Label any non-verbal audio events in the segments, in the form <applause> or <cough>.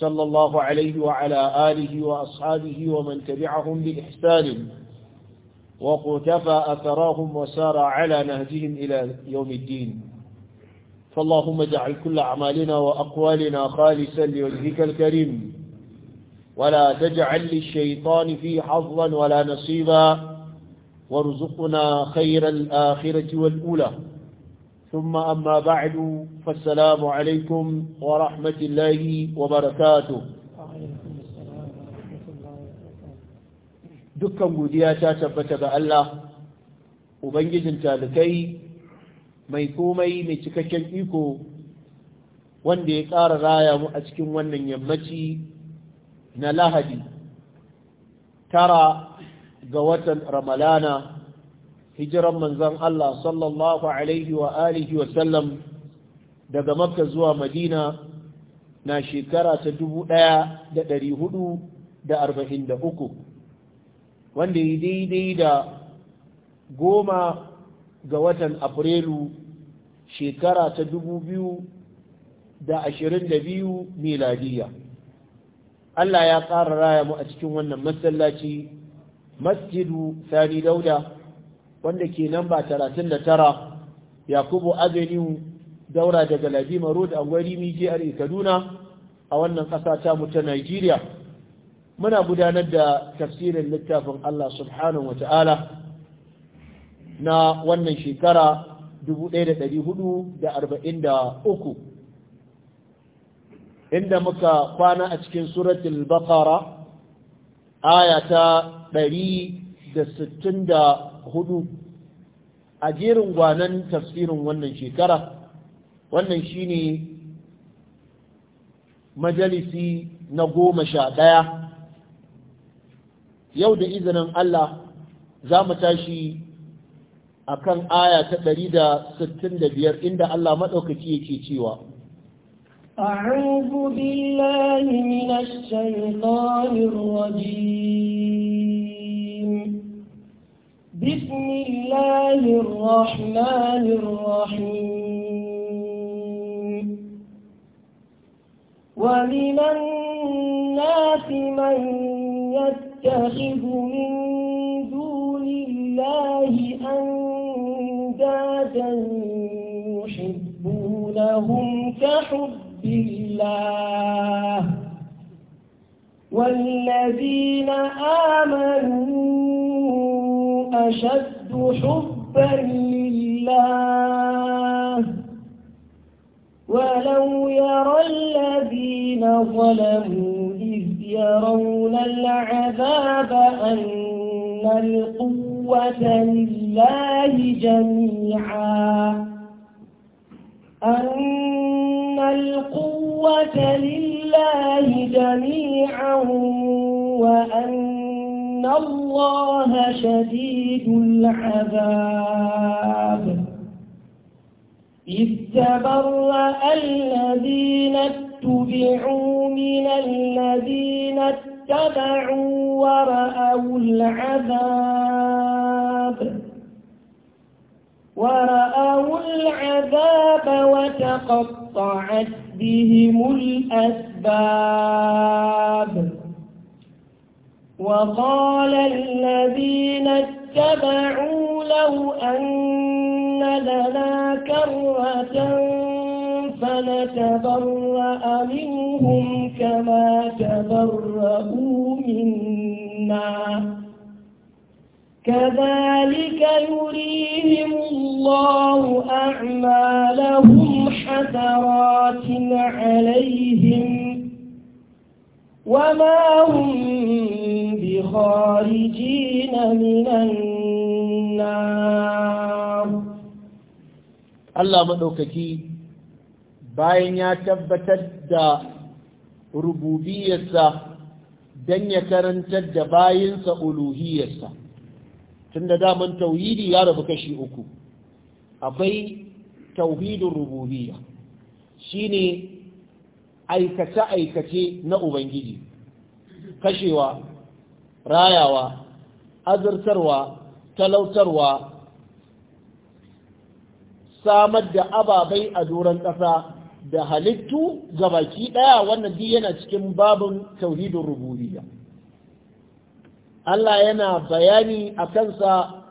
صلى الله عليه وعلى آله وأصحابه ومن تبعهم بإحسان وقتفى أثراهم وسار على نهجهم إلى يوم الدين فاللهم اجعل كل أعمالنا وأقوالنا خالصا لوجهك الكريم ولا تجعل للشيطان في حظا ولا نصيبا وارزقنا خير الآخرة والأولى ثم أما بعد فالسلام عليكم ورحمة الله وبركاته dukkan godiya ta tabbata ga Allah ubangijin talikai mai komai mai cikakken iko wanda ya ƙara raya mu a cikin wannan yammaci na lahadi tara ga watan ramalana hijiran manzon Allah sallallahu alaihi wa alihi daga makka zuwa madina na shekara ta dubu ɗaya da ɗari hudu da arba'in da uku wanda ya daidai da goma ga watan afrilu shekara ta dubu biyu da ashirin da biyu miladiya Allah ya ƙara raya mu a cikin wannan masallaci masjidu sani dauda wanda ke da tara, yakubu avenue daura daga ladima road a gwari mijiyar kaduna a wannan ƙasa ta mu ta nigeria muna gudanar da tafsirin littafin allah subhanahu ta'ala na wannan shekara 1443 inda muka kwana a cikin suratul baqara aya ta da. hudu a jerin gwanan tafsirin wannan shekara wannan shine majalisi na goma sha ɗaya yau da izinin Allah za mu tashi a kan aya ta ɗari da sittin da biyar inda Allah maɗaukaci yake cewa أعوذ بالله من الشيطان الرجيم بسم الله الرحمن الرحيم ومن الناس من يتخذ من دون الله أندادا يحبونهم كحب الله والذين آمنوا أشد حبا لله ولو يرى الذين ظلموا إذ يرون العذاب أن القوة لله جميعا أن القوة لله جميعا وأن إن الله شديد العذاب إذ تبرأ الذين اتبعوا من الذين اتبعوا ورأوا العذاب ورأوا العذاب وتقطعت بهم الأسباب وقال الذين اتبعوا لو أن لنا كرة فنتبرأ منهم كما تبرأوا منا كذلك يريهم الله أعمالهم حسرات عليهم وما هم بخارجين من النار الله مدوككي bayan ya tabbatar da rububiyarsa don ya karantar da bayansa uluhiyarsa tunda da daman tauhidi ya rabu kashi uku akwai tauhidin rububiyya shine aikace-aikace na Ubangiji, kashewa, rayawa, azurtarwa, talautarwa, samar da ababai a doron ƙasa da halittu ga baki ɗaya wannan duk yana cikin babin tauhidin rububiyya. Allah yana bayani a kansa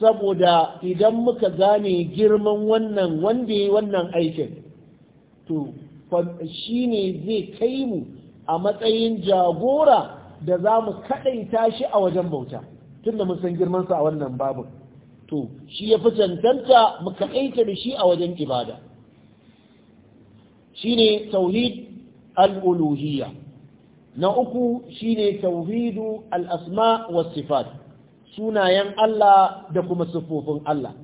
saboda idan muka gane girman wannan wanda ya wannan aikin to shi ne zai kai mu a matsayin jagora da za mu kaɗaita shi a wajen bauta tun da musan girmansa a wannan babin to shi ya fi cancanta mu kaɗaita da shi a wajen ibada shi ne tauhid al'uluhiyya na uku shi ne tauhidu al'asma wasifat sunayen Allah da kuma siffofin Allah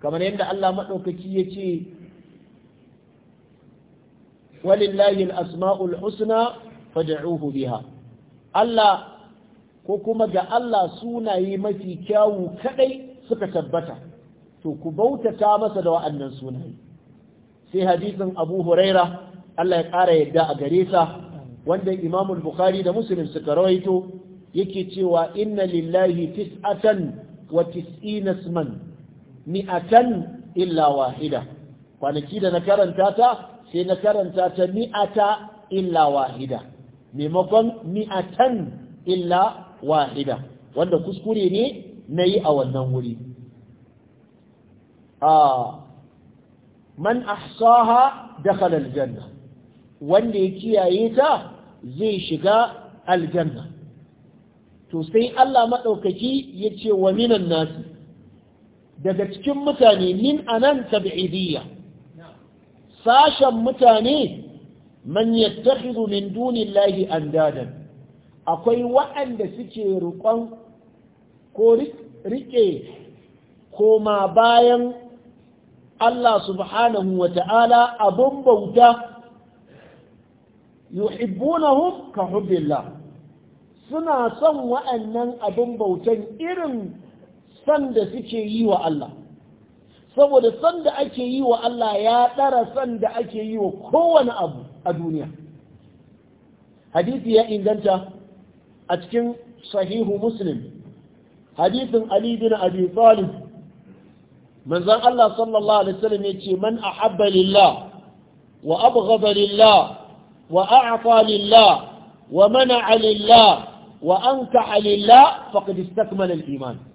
kamar yadda Allah maɗaukaki ya ce walillahi al-asma'ul husna fad'uhu biha ko kuma ga Allah sunaye mafi kyawu kadai suka tabbata to ku bautata masa da wa'annan sunaye sai hadisin Abu Huraira Allah ya ƙara yadda a gareta. wanda Imam Bukhari da Muslim suka rawaito yake cewa inna lillahi tis'atan wa tis'ina isman mi'atan illa wahida kwanaki da na karanta ta sai na karanta ta mi'ata illa wahida maimakon mi'atan illa wahida wanda kuskure ne na yi a wannan wuri man ahsaha dakhala aljanna wanda ya kiyaye ta zai shiga aljanna to sai Allah madaukaki yace wa minan nasi daga cikin mutane min anan tab'idiyya sashen mutane man yattakhidhu min dunillahi andadan akwai waɗanda suke rukon ko rike koma bayan Allah subhanahu wa ta'ala abun bauta yuhibbunahum ka hubbillah suna son wa'annan abun bautan irin son da suke yi wa Allah saboda sanda da ake yi wa Allah ya ɗara san da ake yi wa kowane abu a duniya hadisi ya inganta a cikin sahihu muslim hadisin ali bin abi talib manzon Allah sallallahu alaihi wasallam yace man ahabba lillah wa abghada lillah wa Aafa lillah wa mana'a lillah wa Anka lillah faqad istakmala al-iman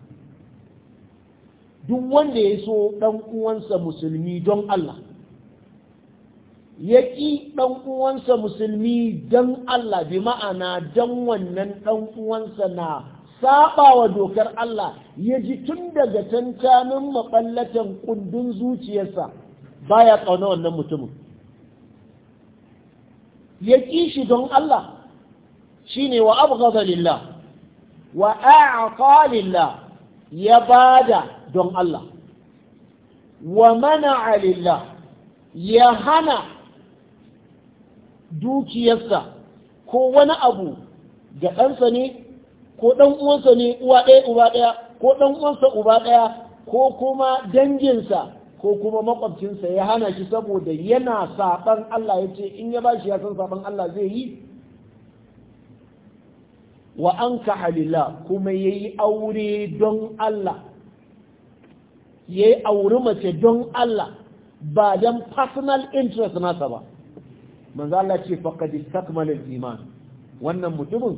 duk wanda ya so ɗan uwansa musulmi don Allah ya ƙi ɗan uwansa musulmi don Allah bi ma'ana don wannan ɗan uwansa na saɓawa dokar Allah ya ji tun daga tantanin maɓallatan ƙundin zuciyarsa ba ya ƙauna wannan mutumin ya ƙi shi don Allah shi ne wa abgaza lillah wa a ya ya da. don Allah wa mana lillah ya hana dukiyarsa ko wani abu ga ɗansa ne ko ɗan ne uwa ɗaya uba ɗaya ko ɗan uwansa uba ɗaya ko kuma danginsa ko kuma makwabcinsa ya hana shi saboda yana saɓan Allah ya ce in ya bashi ya san saɓan Allah zai yi wa an halila kuma ya yi aure don Allah ya yi auri mace don Allah ba don personal interest nasa ba manzan Allah ce fakadi sakamalin iman wannan mutumin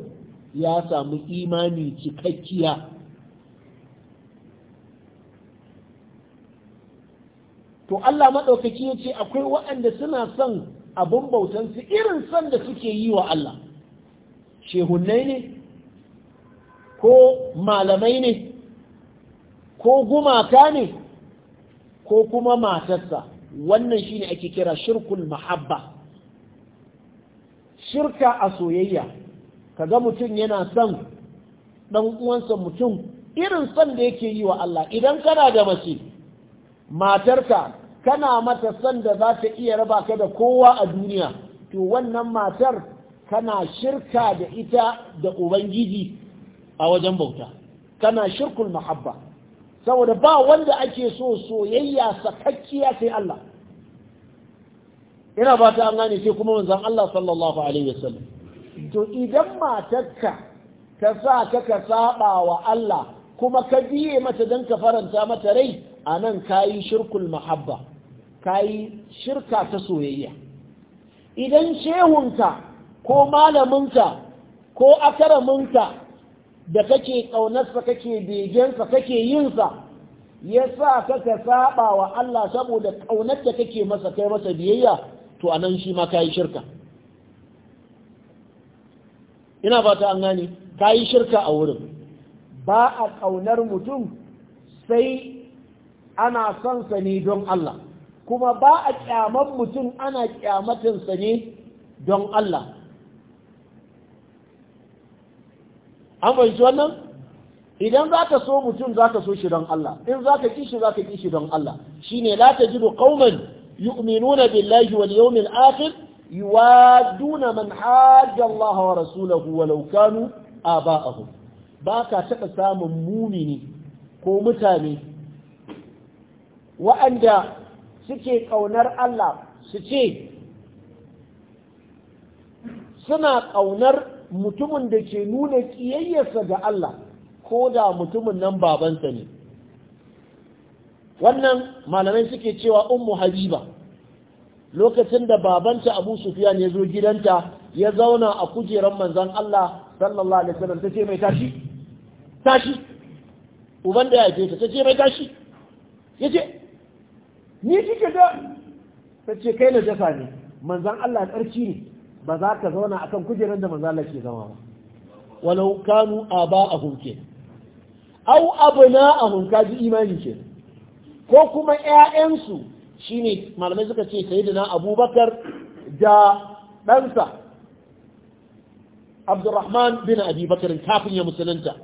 ya samu imani cikakkiya to Allah maɗaukaki ya ce akwai waɗanda suna son abin bautansu irin son da suke yi wa Allah shehunnai ne ko malamai ne ko gumaka ne ko kuma matarsa wannan shine ake kira shirkul mahabba shirka a soyayya kaga mutum yana son dan uwansa mutum irin son da yake yi wa Allah idan kana da mace matarka kana mata son da za ta iya raba ka da kowa a duniya to wannan matar kana shirka da ita da ubangiji a wajen bauta kana shirkul mahabba saboda ba wanda ake so soyayya sakakkiya sai Allah ina ba ta an gane sai kuma manzon Allah sallallahu alaihi wasallam to idan matarka ta sa ka ka saba wa Allah kuma ka biye mata dan ka faranta mata rai anan kayi shirkul mahabba kayi shirka ta soyayya idan shehunka ko malaminka ko akaraminka da kake ƙaunarsa kake bejensa kake yinsa ya sa kaka ka saba wa Allah saboda ƙaunar da kake masa kai masa biyayya to a nan shi ma kayi shirka ina fata an gane Kayi shirka a wurin ba a ƙaunar mutum sai ana son sa ne don Allah kuma ba a ƙyaman mutum ana ƙyamatinsa ne don Allah an fahimci wannan idan za ka so mutum za ka so shi don Allah in za ka kishi za ka shi don Allah shi ne la ta jiru ƙauman yu'minuna billahi wal yawmil akhir yuwaduna man hajja Allah wa rasulahu walau kanu aba'ahum ba ka taɓa samun mumini ko mutane wa'anda suke ƙaunar Allah su ce suna ƙaunar mutumin da ke nuna ƙiyayyarsa ga Allah ko da mutumin nan babansa ne wannan malamai suke cewa ummu habiba lokacin da babanta abu sufiyan ya zo gidanta ya zauna a kujeran manzan Allah sallallahu alaihi wasallam ta ce mai tashi tashi uban da ya ce ta ce mai tashi ya ce ni kike da ta ce kai na jasa ne manzan Allah tsarki ne ba za ka zauna a kan kujerar da manzala ke zama ba walau kanu a hunke au hunka ji imani ke ko kuma 'ya'yansu shine malamai suka ce na Abubakar da ɗansa Abdurrahman bin abubakar kafin ya musulunta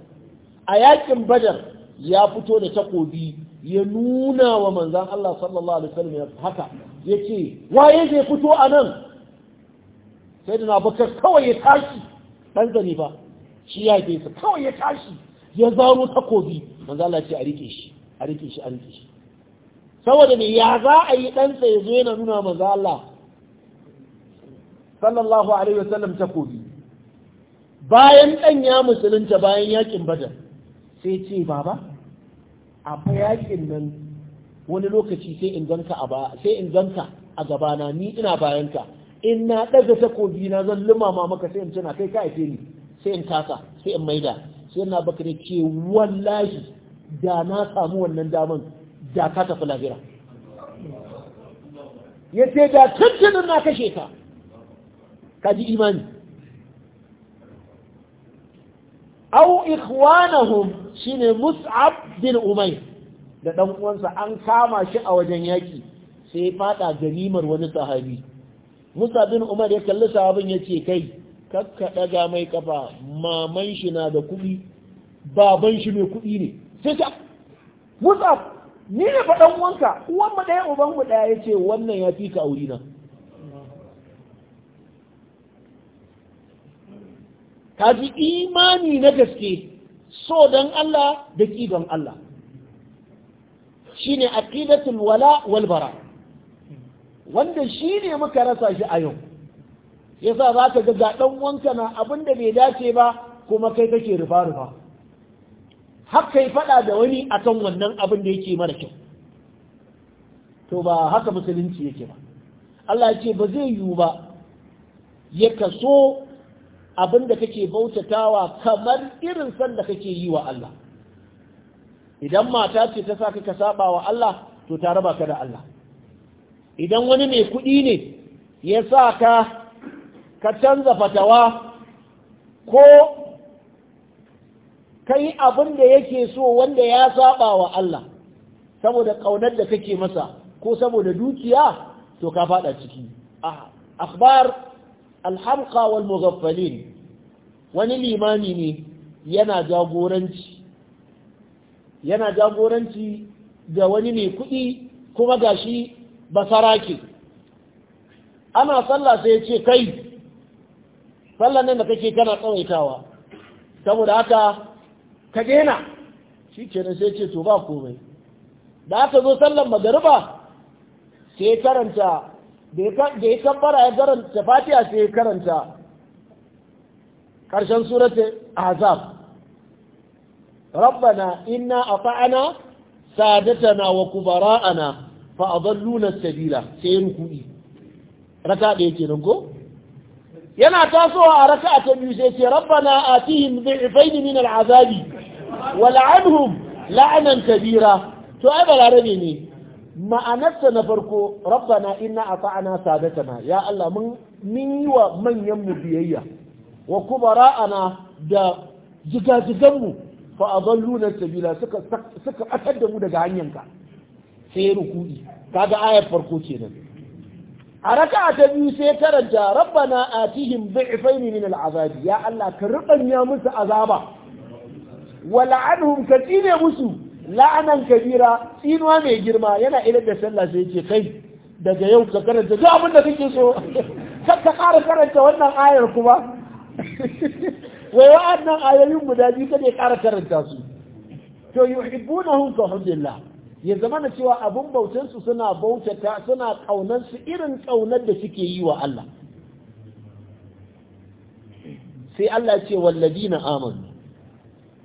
a yakin Badar ya fito da takobi ya nuna wa manzan Allah sallallahu alaihi wasallam haka ya ce waye zai fito anan sai da bakar kawai ya tashi ɗan zane ba shi ya ke su kawai ya tashi ya zaro takobi manzo Allah ce a rike shi a rike shi a rike shi saboda me ya za a yi ɗan ya zo yana nuna manzo Allah sallallahu alaihi wasallam takobi bayan ɗan ya musulunta bayan yakin badar sai ce baba a fa yakin nan wani lokaci sai in zanka a a gabana ni ina bayanka in na ɗaga takobi na zan lumama maka sai in tana kai ka haife ni sai in tasa, sai in maida sai na baka ne ce wallahi da na samu wannan daman da ka tafi lahira ya ce da tuntunin na kashe ka ka ji imani au ikhwanahum shine mus'ab bin Umai da dan uwansa an kama shi a wajen yaki sai ya fada ganimar wani sahabi musa bin umar ya kalli sahabin ya ce kai kakka ɗaga mai kafa maman shi na da kuɗi baban shi mai kuɗi ne sai ta musa ni ne faɗan wanka uwan mu ɗaya uban mu ɗaya ya ce wannan ya fi ka auri na ka ji imani na gaske so don Allah da don Allah shine aqidatul wala wal bara' wanda shi ne muka rasa shi a yau yasa za ka ga ɗan wanka na abin da bai dace ba kuma kai kake rufa-rufa har kai faɗa da wani akan wannan abin da yake mara kyau to ba haka musulunci yake ba Allah ya ce ba zai yiwu ba ya kaso abin da kake bautatawa kamar irin sanda kake yi wa Allah idan mata ce ta sa ka saba wa Allah to ta raba ka da Allah idan wani mai kuɗi ne ya sa ka ka canza fatawa ko ka yi abin da yake so wanda ya saba wa Allah saboda ƙaunar da kake masa ko saboda dukiya to ka faɗa ciki akhbar alhamqa wal wani limani ne yana jagoranci yana jagoranci da wani mai kuɗi kuma gashi Ba basarake ana sallah sai ya ce kai sallan nan da kake kana tsawaitawa saboda haka ka dena shi nan sai ce to ba komai da aka zo sallan magariba sai ya karanta da ya kambara ya karanta fatiya sai ya karanta ƙarshen surata azab rabbana inna ata'ana sadatana wa kubara'ana fa adalluna sabila sai ruku'i raka ɗaya nan ko yana tasowa a raka ta biyu sai ce rabbana atihim dhi'fayn min al'azabi wal'anhum la'anan kabira to ai balarabe ne ma'anarsa na farko rabbana inna ata'ana sadatana ya Allah mun min yi wa manyan mu biyayya wa kubara'ana da jigajigan mu fa adalluna sabila suka suka da mu daga hanyarka. sai ruku'i kaga ayar farko kenan a raka'a ta biyu sai karanta rabbana atihim bi'fayn min al'azabi ya Allah ka rubanya musu azaba wala la'anhum ka tsine musu la'anan kabira tsinuwa mai girma yana idan da sallah sai ce kai daga yau ka karanta duk abin da kake so <laughs> kar ka ƙara karanta wannan ayar kuma <laughs> wai wa'annan ayoyin guda biyu kada ya ƙara karanta su to yuhibbunahum ka hubbillah ya zama na cewa abin bautansu suna bautata suna ƙaunarsu irin ƙaunar da suke yi wa Allah sai Allah ce wallazi na amanu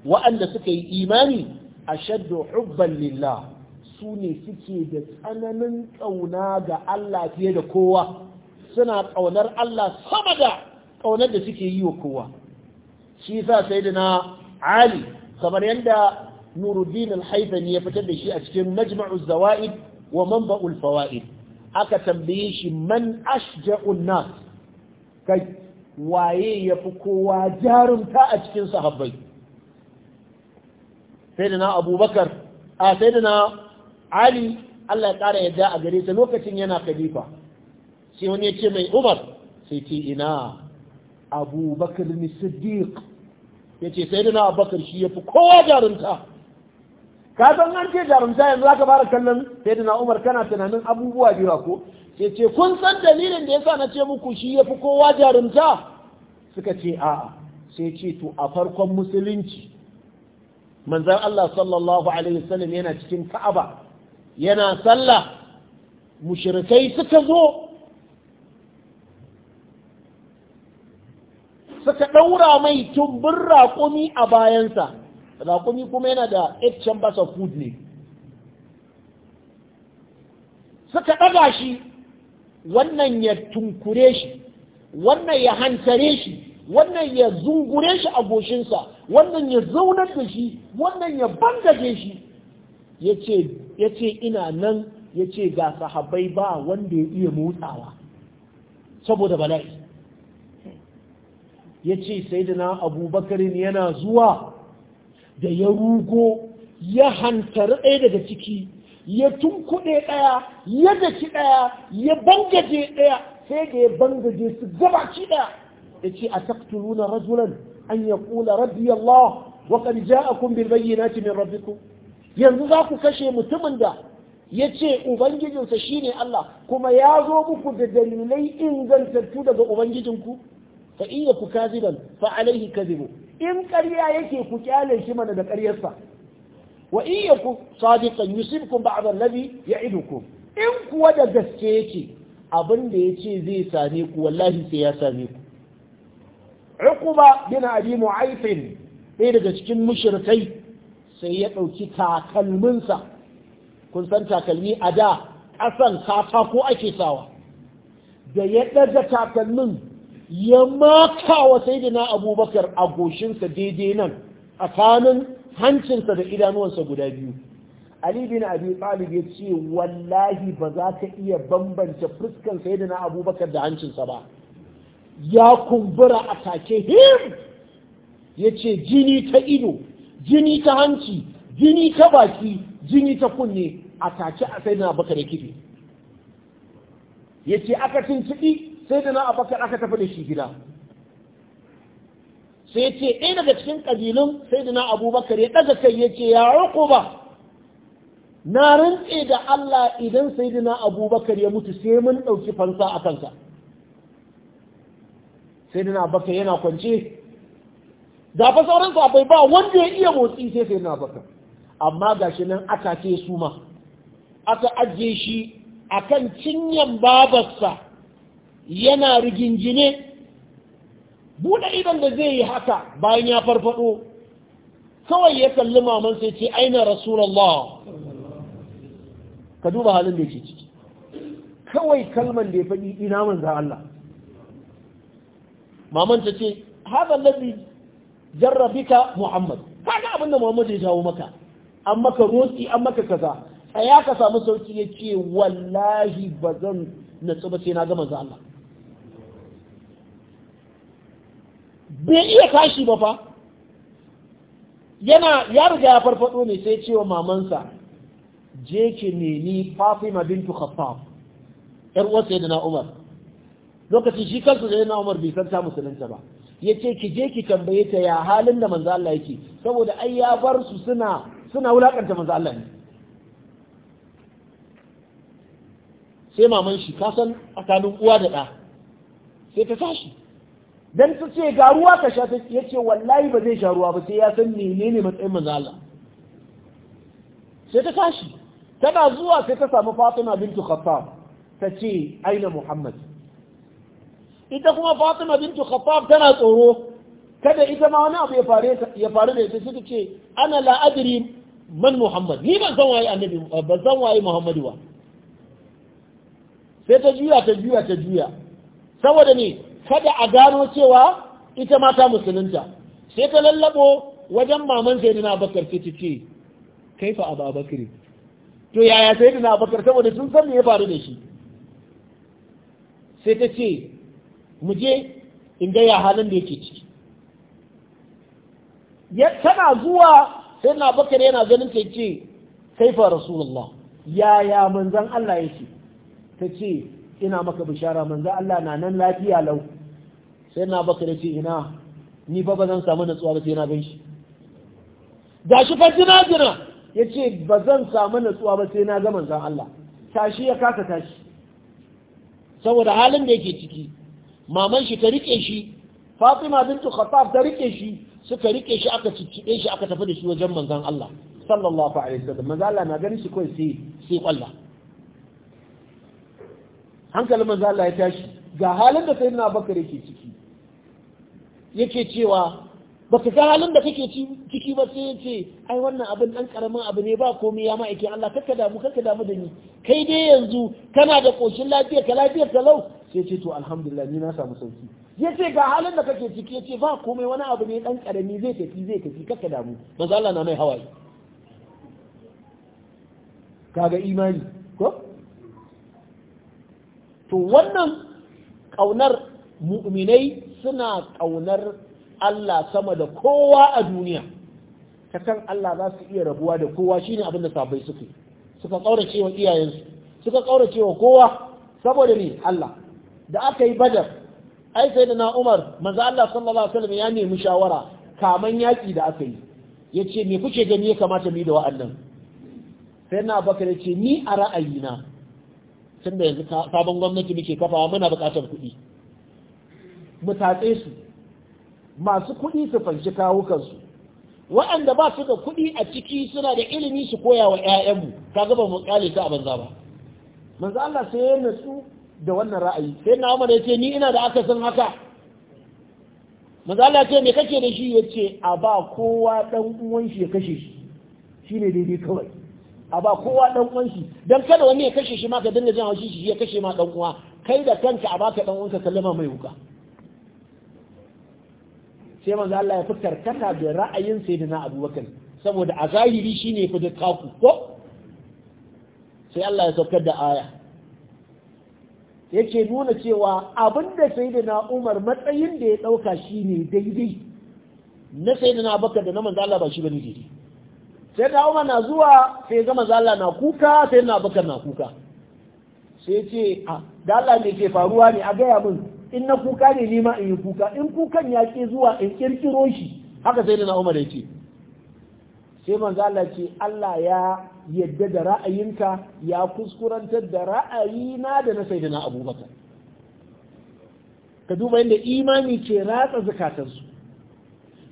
wa'anda suka yi imani a shaddu hubban lillah su ne suke da tsananin ƙauna ga Allah fiye da kowa suna ƙaunar Allah sama da ƙaunar da suke yi wa kowa shi sa sai da na Ali kamar yadda nuruddin al-haythami ya fitar da shi a cikin majma'u zawaid wa manba'ul fawaid aka tambaye shi man ashja'un nas kai waye yafi kowa jarumta a cikin sahabbai sayyidina abubakar a sayyidina ali Allah ya kara yadda a gare ta lokacin yana khalifa sai wani ya ce mai umar sai ce ina abubakar ni siddiq ya ce sai abubakar shi ya fi kowa jarumta. ka san an ce jarumta yanzu aka fara kallon da Umar kana tunanin abubuwa biyu ko ce ce kun san dalilin da yasa na ce muku shi yafi kowa jarumta suka ce a'a sai ce to a farkon musulunci manzon Allah sallallahu alaihi wasallam yana cikin Ka'aba yana sallah mushrikai suka zo suka ɗaura mai tumbin raƙumi a bayansa raƙumi kuma yana da 8 chambers of food ne suka ɗaga shi wannan ya tunkure shi wannan ya hantare shi wannan ya zungure shi a goshinsa wannan ya zaunar da shi wannan ya bangaje shi ya ce ina nan ya ce ga sahabai ba wanda ya iya motsawa saboda bala'i ya ce sai da na abubakarin yana zuwa da ya rugo ya hantar ɗaya daga ciki ya tunkuɗe ɗaya ya daki ɗaya ya bangaje ɗaya sai da ya bangaje su gabaci ɗaya ya ce a na rajulan an ya ƙula rabbi Allah wa kan ja'akum bil bayyinati min rabbikum yanzu za ku kashe mutumin da ya ce ubangijinsa shine Allah kuma ya zo muku da dalilai ingantattu daga ubangijinku fa in yaku kaziban fa alaihi kazibu in ƙarya yake ku kyale shi mana da ƙaryarsa wa in yaku sadiqan yusibkum ba'd allazi ya'idukum in kuwa da gaske yake abin da yace zai same ku wallahi sai ya same ku uquba bin abi mu'ayth ɗaya daga cikin mushrikai sai ya ɗauki takalminsa kun san takalmi a da ƙasan ko ake sawa da ya ɗaga takalmin ya maka wa na abubakar a goshinsa daidai nan a kanin hancinsa da idanuwansa guda biyu ali bin abi talib ya ce wallahi ba za ka iya bambance fuskan na abubakar da hancinsa ba ya kumbura a take him ya ce jini ta ido jini ta hanci jini ta baki jini ta kunne a take a na abubakar ya kife ya ce aka tuntuɓi sai da na abakar aka tafi da shi gida sai ce ɗaya daga cikin ƙabilun sai da na abubakar ya ɗaga kai ya ce ya roƙo ba na rintse da Allah idan sai da na abubakar ya mutu sai mun ɗauki fansa a kansa sai da na yana kwance da fa sauran akwai ba wanda ya iya motsi sai sai na abubakar amma gashi nan aka ce su ma aka ajiye shi akan cinyan babarsa yana rigingine buɗe idan da zai yi haka bayan ya farfado kawai ya kalli maman sai ce aina rasulallah ka duba halin da ya yake ciki kawai kalman da ya faɗi ina manzan Allah maman ta ce haɗa lafi jarrabika muhammad kaga abinda muhammad ya jawo maka an maka roƙi an maka kaza a ya ka samu sauki ya ce wallahi ba zan natsu ba na ga manzan Allah bai iya tashi ba fa yana ya riga ya farfado ne sai cewa mamansa je ki nemi Fatima bintu Khattab yar uwar sayyidina Umar lokacin shi kansa sayyidina Umar bai san ta musulunta ba yace ki je ki tambaye ta ya halin da manzo Allah yake saboda ai ya bar su suna suna wulakanta manzo Allah ne sai maman shi kasan tsakanin uwa da ɗa sai ta tashi dan su ce ga ruwa ka sha ya ce wallahi ba zai sha ruwa ba sai ya san menene matsayin manzo Allah sai ta tashi tana zuwa sai ta samu Fatima bintu Khattab ta ce aina Muhammad ita kuma Fatima bintu Khattab tana tsoro kada ita ma wani abu ya fare ya faru da ita sai ta ce ana la adri man Muhammad ni ban san waye annabi ban san waye Muhammadu ba sai ta juya ta juya ta juya saboda ne kada a gano cewa ita mata musulunta sai ta lallabo wajen maman sayyidina abakar sai ta ce kaifa abu abakar to yaya sayyidina abakar saboda sun san ya faru da shi sai ta ce mu je in ga ya halin da yake ciki tana zuwa sai na bakar yana ganin ta ce kaifa rasulullah yaya manzan Allah yake ta ce ina maka bishara manzan Allah na nan lafiya lau sai na baka da ce ina ni ba ba zan samu natsuwa ba sai na gan shi ga shi fa jina jina ya ce ba zan samu natsuwa ba sai na ga manzan Allah tashi ya kasa tashi saboda halin da yake ciki maman shi ta rike shi Fatima bintu Khattab ta rike shi suka rike shi aka ciccide shi aka tafi da shi wajen manzan Allah sallallahu alaihi wasallam manzan Allah na ganin shi kai sai sai kwalla hankalin manzan Allah ya tashi ga halin da sayyidina Abubakar yake ciki yake cewa baka ga halin da kake ciki ba sai yace ai wannan abin dan karamin abu ne ba komai ya ma'aikin Allah kakka damu kakka damu da ni kai dai yanzu kana da koshin lafiya ka lafiya ka lau sai ce to alhamdulillah ni na samu sauki yace ga halin da kake ciki yace ba komai wani abu ne dan karami zai tafi zai tafi kakka damu manzo Allah na mai hawaye kaga imani ko to wannan kaunar mu'minai suna ƙaunar Allah sama da kowa a duniya ta kan Allah za su iya rabuwa da kowa shine abin da sabai suke suka ƙaura cewa iyayensu suka ƙaura cewa kowa saboda ne Allah da aka yi badar ai sai da na Umar maza Allah sallallahu alaihi wasallam ya nemi shawara kaman yaƙi da aka yi Ya ce me kuke gani ya kamata mu yi da wa'annan sai na ya ce ni a ra'ayina tunda yanzu sabon gwamnati muke kafawa muna buƙatar kuɗi mu tatse su masu kuɗi su fanci kawukansu waɗanda ba su da kuɗi a ciki suna da ilimi su koya wa 'ya'yanmu kaga ba mu kale ta a banza ba manzo Allah sai ya nutsu da wannan ra'ayi sai na Umar yace ni ina da akasin haka manzo Allah ce me kake da shi yace a ba kowa dan uwan shi ya kashe shi shine daidai kawai a ba kowa dan uwan shi dan kada wani ya kashe shi ma ka dinga jin haushi shi ya kashe ma dan uwa kai da kanka a baka dan uwanka sallama mai wuka sai manzo Allah ya fitar kata da ra'ayin sayyidina Abubakar saboda a zahiri shine fi da ko sai Allah ya saukar da aya yake nuna cewa abinda sayyidina Umar matsayin da ya dauka shine daidai na sayyidina Abubakar da na manzo Allah ba shi bane daidai sai da Umar na zuwa sai ga manzo Allah na kuka sai na Abubakar na kuka sai ce a ah, da Allah ne ke faruwa ne a gaya min in na kuka ne nima ma in yi kuka in kukan ya ke zuwa in kirkiro shi haka sai na Umar yace sai manzala Allah ce Allah ya yadda da ra'ayinka ya kuskurantar da ra'ayina da na na Abubakar ka duba yadda imani ce ratsa zakatansu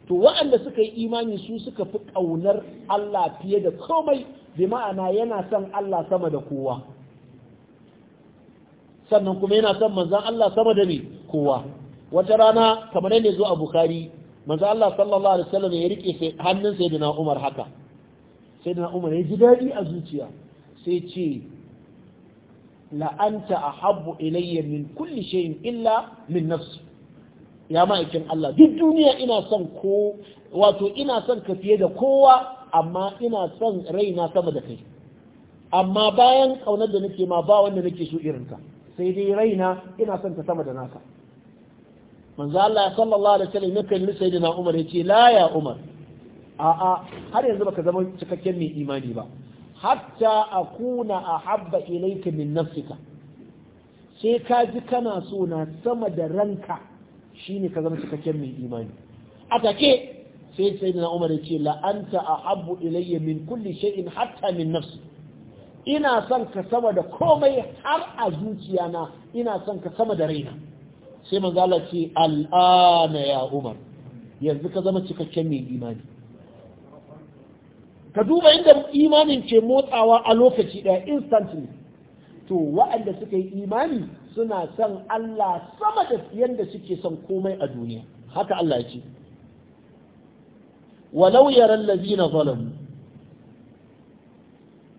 to waɗanda suka yi imani su suka fi ƙaunar Allah fiye da komai bi ma'ana yana son Allah sama da kowa sannan kuma yana son manzan Allah sama da ni kowa wata rana kamar yadda zo a Bukhari manzan Allah sallallahu alaihi wasallam ya rike hannun sayyidina Umar haka sayyidina Umar ya ji daɗi a zuciya sai ce la'anta ahabbu ilayya min kulli shay'in illa min nafsi ya ma'aikin Allah duk duniya ina son ko wato ina son ka fiye da kowa amma ina son raina sama da kai amma bayan kaunar da nake ma ba wanda nake so irin ka. sai dai raina ina son ta sama da naka manzo Allah sallallahu alaihi wasallam ya kalli sayyidina Umar yace la ya Umar a'a har yanzu baka zama cikakken mai imani ba hatta akuna ahabba ilayka min nafsika sai ka ji kana so na sama da ranka shine ka zama cikakken mai imani a take sai sayyidina Umar yace la anta ahabbu ilayya min kulli shay'in hatta min nafsika ina son ka sama da komai har a zuciya na ina son ka sama da raina sai manzo Allah ce al'ana ya Umar yanzu ka zama cikakken mai imani ka duba inda imanin ke motsawa a lokaci ɗaya instantly to waɗanda suka yi imani suna son Allah sama da yadda suke son komai a duniya haka Allah ce walau yaran lazina zalamu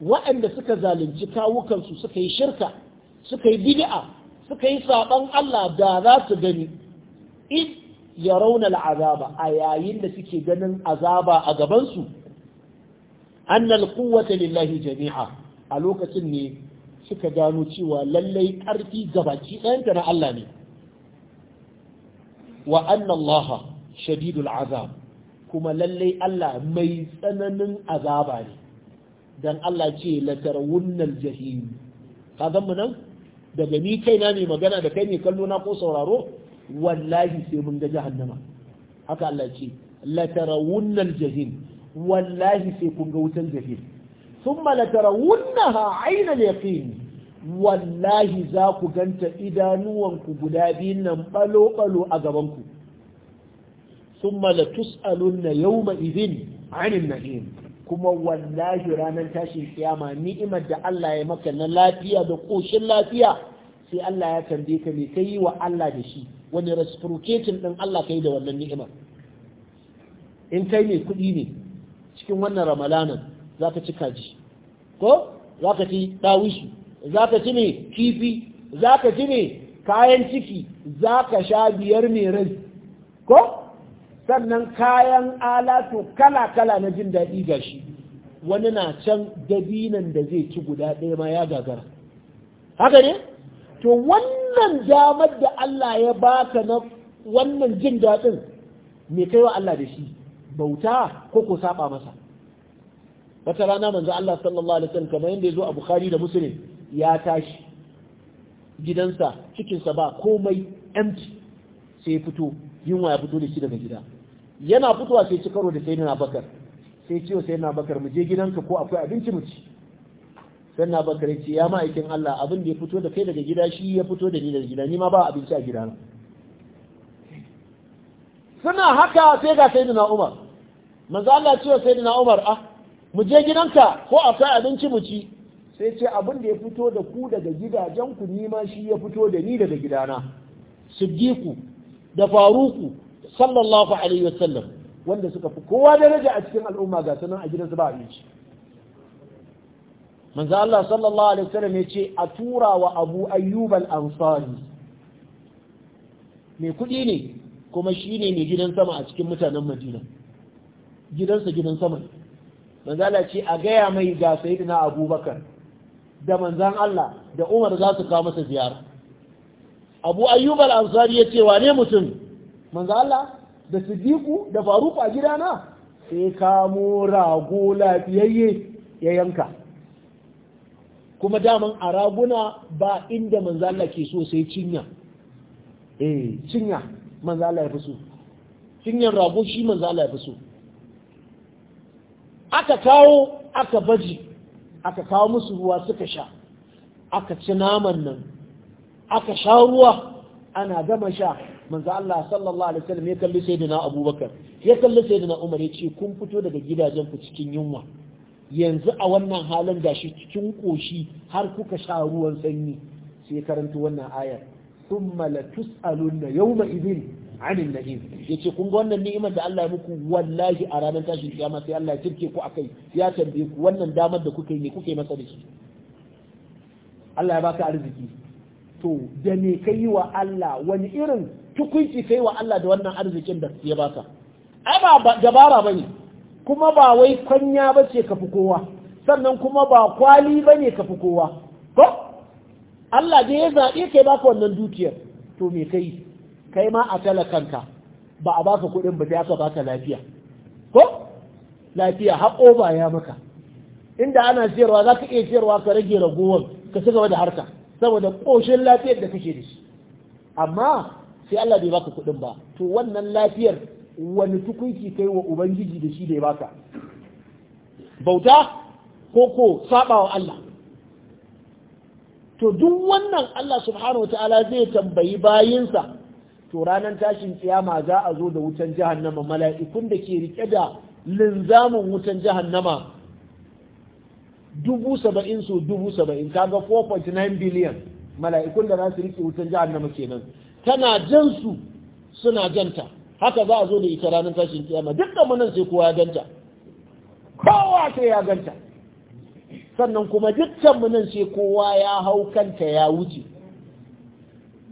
waɗanda suka zalunci kawukansu suka yi shirka suka yi bid'a suka yi saɓon Allah da za su gani in ya raunar al'azaba a yayin da suke ganin azaba a gabansu annal kuwata lillahi jami'a a lokacin ne suka gano cewa lallai ƙarfi gabaki ɗayanta na Allah ne wa anna shadidul azab kuma lallai Allah mai tsananin azaba ne dan Allah ce la tarawunnal jahim ka zan mu nan daga ni kaina mai magana da kai ne kallo na ko sauraro wallahi sai mun ga jahannama haka Allah ce latara tarawunnal jahim wallahi sai kun ga wutar jahim thumma la tarawunnaha ayna al-yaqin wallahi za ku ganta idanuwanku guda biyu nan balo-balo a gabanku thumma la tus'alunna yawma idhin 'anil na'im kuma wallahi ranar tashin kiyama ni'imar da Allah ya maka na lafiya da koshin lafiya sai Allah ya tambaye ka me kai wa Allah da shi wani reciprocating din Allah kai da wannan ni'imar in kai ne kuɗi ne cikin wannan ramalanan zaka ci kaji ko zaka ci Za zaka ci ne kifi zaka ci ne kayan ciki zaka sha biyar mai rai ko sannan kayan alatu kala-kala na jin daɗi ga shi wani na can dabinan da zai ci guda ɗaya ma ya gagara haka ne to wannan damar da Allah ya baka na wannan jin daɗin mai kai wa Allah da shi bauta ko ko saba masa wata rana manzo Allah sallallahu alaihi wasallam kamar yanda yazo a Bukhari da Muslim ya tashi gidansa cikinsa ba komai empty sai ya fito yunwa ya fito da shi daga gida yana fitowa sai ci karo da sai na bakar sai ciwo sai na bakar mu je gidanka ko akwai abinci mu ci sai na bakar ce ya ma'aikin Allah abin da ya fito da kai daga gida shi ya fito da ni daga gida ni ma ba abinci a gidana suna haka sai ga sai na Umar manzo Allah ciwo sai na Umar ah mu je gidanka ko akwai abinci mu ci sai ce abin da ya fito da ku daga gidajen ku ni ma shi ya fito da ni daga gidana siddiqu da faruku sallallahu alaihi wasallam wanda suka fi kowa daraja a cikin al'umma ga sanan a gidansu ba abinci manzo Allah sallallahu alaihi wasallam ya ce a tura wa Abu Ayyub al-Ansari mai kudi ne kuma shine mai gidan sama a cikin mutanen Madina gidansa gidan sama manzo Allah ce a gaya mai ga sayyidina Abubakar da manzan Allah da Umar za su kawo masa ziyara Abu Ayyub al-Ansari ya ce wane mutum manzo Allah da Siddiqu da Faruq a gidana sai kamo rago lafiyayye ya yanka kuma daman a raguna ba inda manzo Allah ke so sai cinya eh cinya manzo Allah ya fi so cinyan rago shi manzo Allah ya fi so aka kawo aka baji aka kawo musu ruwa suka sha aka ci naman nan aka sha ruwa ana gama sha manzo Allah sallallahu alaihi wasallam ya kalli sayyidina Abubakar ya kalli sayyidina Umar ya ce kun fito daga gidajen ku cikin yunwa yanzu a wannan halin da gashi cikin koshi har kuka sha ruwan sanyi sai karanta wannan ayar thumma latus'alunna yawma idhin 'anil na'im yace kun ga wannan ni'imar da Allah ya muku wallahi a ranar tashin kiyama sai Allah ya kirke ku akai ya tambaye ku wannan damar da kuka yi kuke masa da shi Allah ya baka arziki to da me kai wa Allah wani irin tukunci sai wa Allah da wannan arzikin da ya baka ai ba dabara bane kuma ba wai kwanya bace ka fi kowa sannan kuma ba kwali bane ka fi kowa ko Allah da ya zaɓe kai baka wannan dukiyar to me kai kai ma a talakanka ba a baka kuɗin ba sai aka baka lafiya ko lafiya haƙo ba ya maka inda ana siyarwa za ka iya siyarwa ka rage ragowar ka ci gaba da harka saboda ƙoshin lafiyar da kake da shi amma sai Allah bai baka kuɗin ba to wannan lafiyar wani tukunki kai wa ubangiji da shi da ya baka bauta ko ko sabawa Allah to duk wannan Allah subhanahu wataala zai tambayi bayinsa to ranar tashin kiyama za a zo da wutan jahannama mala'ikun da ke rike da linzamin wutan jahannama dubu saba'in so dubu saba'in kaga 4.9 biliyan mala'ikun da za su rike wutan jahannama kenan tana jansu suna janta haka za a zo da ita ranar tashin kiyama dukkan munan sai kowa ya ganta kowa sai ya ganta sannan kuma dukkan munan sai kowa ya hau kanta ya wuce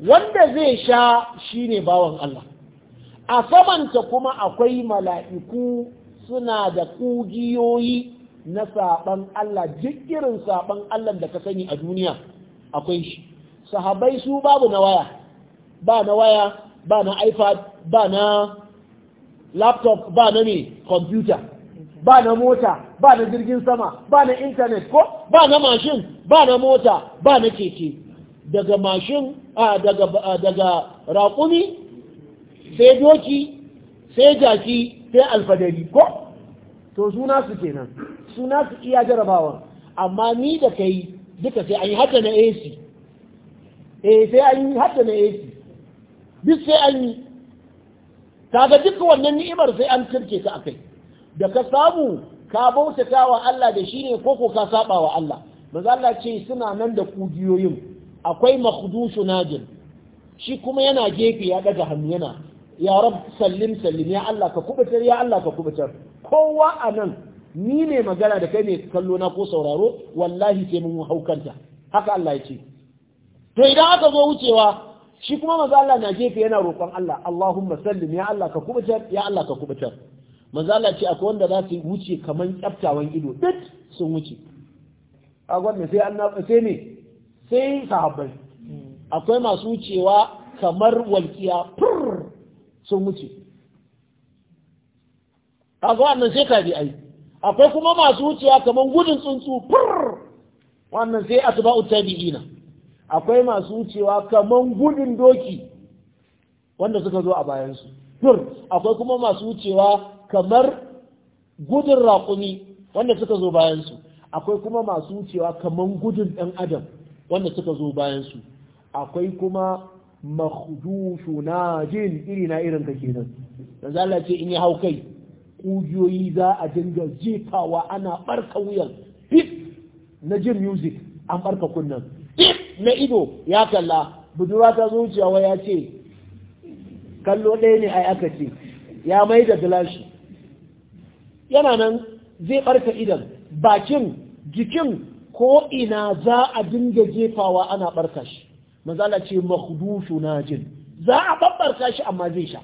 wanda zai sha shine bawan Allah a samanta kuma akwai mala'iku suna da kugiyoyi na saɓan Allah duk irin Allah da ka sani a duniya akwai shi sahabai su babu na waya ba na waya ba na ipad ba na laptop ba na ne computer ba na mota ba na jirgin sama ba na intanet ko ba na mashin ba na mota ba na keke daga mashin a daga raƙumi sai doki sai jaki sai alfadari ko to suna su kenan suna su iya jarabawa amma ni da kai duka sai an yi hata na AC eh sai an yi hata na AC bis sai an yi kaga duka wannan ni'imar sai an turke ka akai da ka samu ka bautata wa Allah da shi ne koko ka saba wa Allah maza Allah ce suna nan da kugiyoyin akwai makhdushu najin shi kuma yana gefe ya daga hannu yana ya rab sallim sallim ya Allah ka kubutar ya Allah ka kubutar kowa a nan, ni ne magana da kai ne kallo na ko sauraro wallahi sai mun haukanta haka Allah ya ce to idan aka zo wucewa shi kuma maza Allah na gefe yana roƙon Allah Allahumma sallim ya Allah ka kubutar ya Allah ka kubutar maza Allah ce akwai wanda za su wuce kaman kyaftawan ido duk sun wuce a gwamna sai an sai ne sai sahabbai akwai masu wucewa kamar walƙiya fur sun wuce a ga sai ka ai akwai kuma masu wucewa kamar gudun tsuntsu fur wannan sai asba'u tabi'ina akwai masu wucewa kaman gudun doki wanda suka zo a bayansu dur akwai kuma masu wucewa kamar gudun raƙumi wanda suka zo bayansu akwai kuma masu wucewa kaman gudun ɗan adam wanda suka zo bayansu akwai kuma na jin iri na irin ka kenan yanzu ce in ya hau kai kujiyoyi za a dinga jefawa ana ɓarka wuyan hit na jin music an ɓarka kunnan na ido ya kalla budurwa ta zuciya wa ya ce kallo ɗaya ne a aka ce ya mai da gilashi yana nan zai ɓarka idan bakin jikin ko ina za a dinga jefawa ana ɓarka shi mazala ce mahudusu na jin za a ɓaɓɓarka shi amma zai sha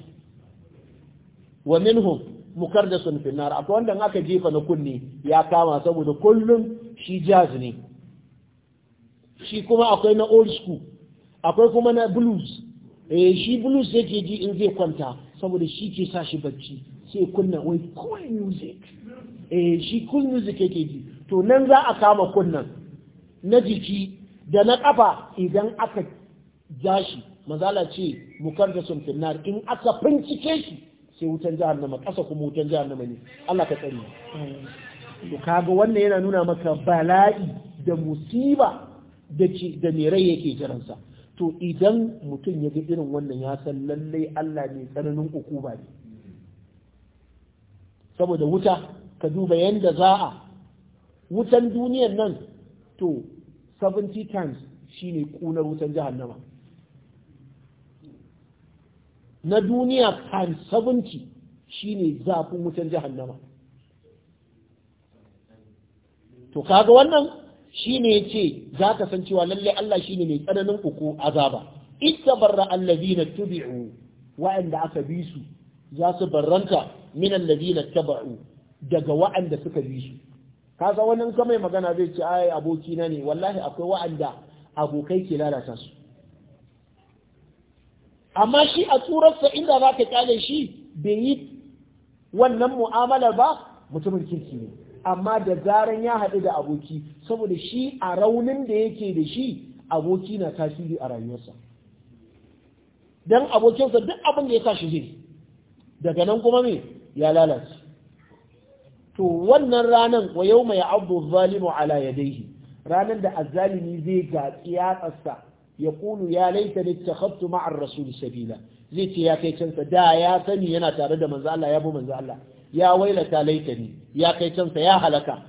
wa minhum mukar da sunfinar. finnar wanda aka jefa na kunne, ya kama saboda kullum shi jaz ne shi kuma akwai na old school akwai kuma na blues eh shi blues yake ji in zai kwanta saboda shi ke sa shi bacci sai kunna wai cool music eh shi cool music yake ji to nan za a kama kunnan na jiki da na kafa idan aka jashi mazala ce mukar da sun finnar in aka bincike shi sai wutan nama ƙasa kuma wutan nama ne Allah ka tsari to kaga wannan yana nuna maka bala'i da musiba da mai rai yake jiransa to idan mutum ya ga irin wannan ya san lallai Allah ne tsananin ba ne saboda wuta ka duba yadda za a wutan duniyar nan to 70 times ne kunar wutan jahannama na duniya times 70 shi ne zafin wutan jihar jahannama to kaga wannan ce yace zaka san cewa lalle Allah shine mai tsananin uku azaba ittabarra allazina tubi'u wa'anda aka bi su za su barranta min allazina taba'u daga wa'anda suka bi su kaga wannan ka mai magana zai ce ai aboki na ne wallahi akwai wa'anda abokai ke lalata su amma shi a tsurarsa inda za ka kyale shi bai yi wannan mu'amalar ba mutumin kirki ne amma da zaran ya haɗu da aboki saboda shi a raunin da yake da shi aboki na tasiri a rayuwarsa don abokinsa duk abin da ya tashi zai daga nan kuma me ya lalace to wannan ranan wa yau mai abu zalimu ala daihi Ranar da azzalimi zai ga tsiyatsarsa ya kulu ya laita da ma'ar rasul sabila zai ce ya kai cansa da ya sani yana tare da manzo Allah ya bi manzo Allah ya wailata laitani ya kai cansa ya halaka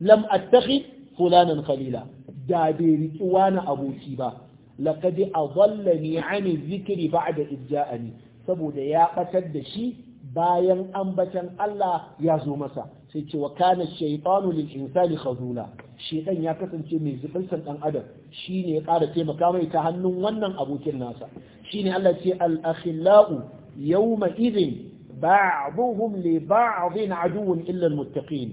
lam attakhid fulanan khalila da bai riki wani aboki ba laqad adallani an zikri ba'da ijja'ani saboda ya batar da shi bayan ambatan Allah ya zo masa sai ce wa kana shaytanu lil insani khazula shedan ya kasance mai zubinsan dan adam shine ya ƙara taimaka mai ta hannun wannan abokin nasa shine Allah ce al akhillau yawma idhin ba'dhum li ba'dhin aduwwun illa almuttaqin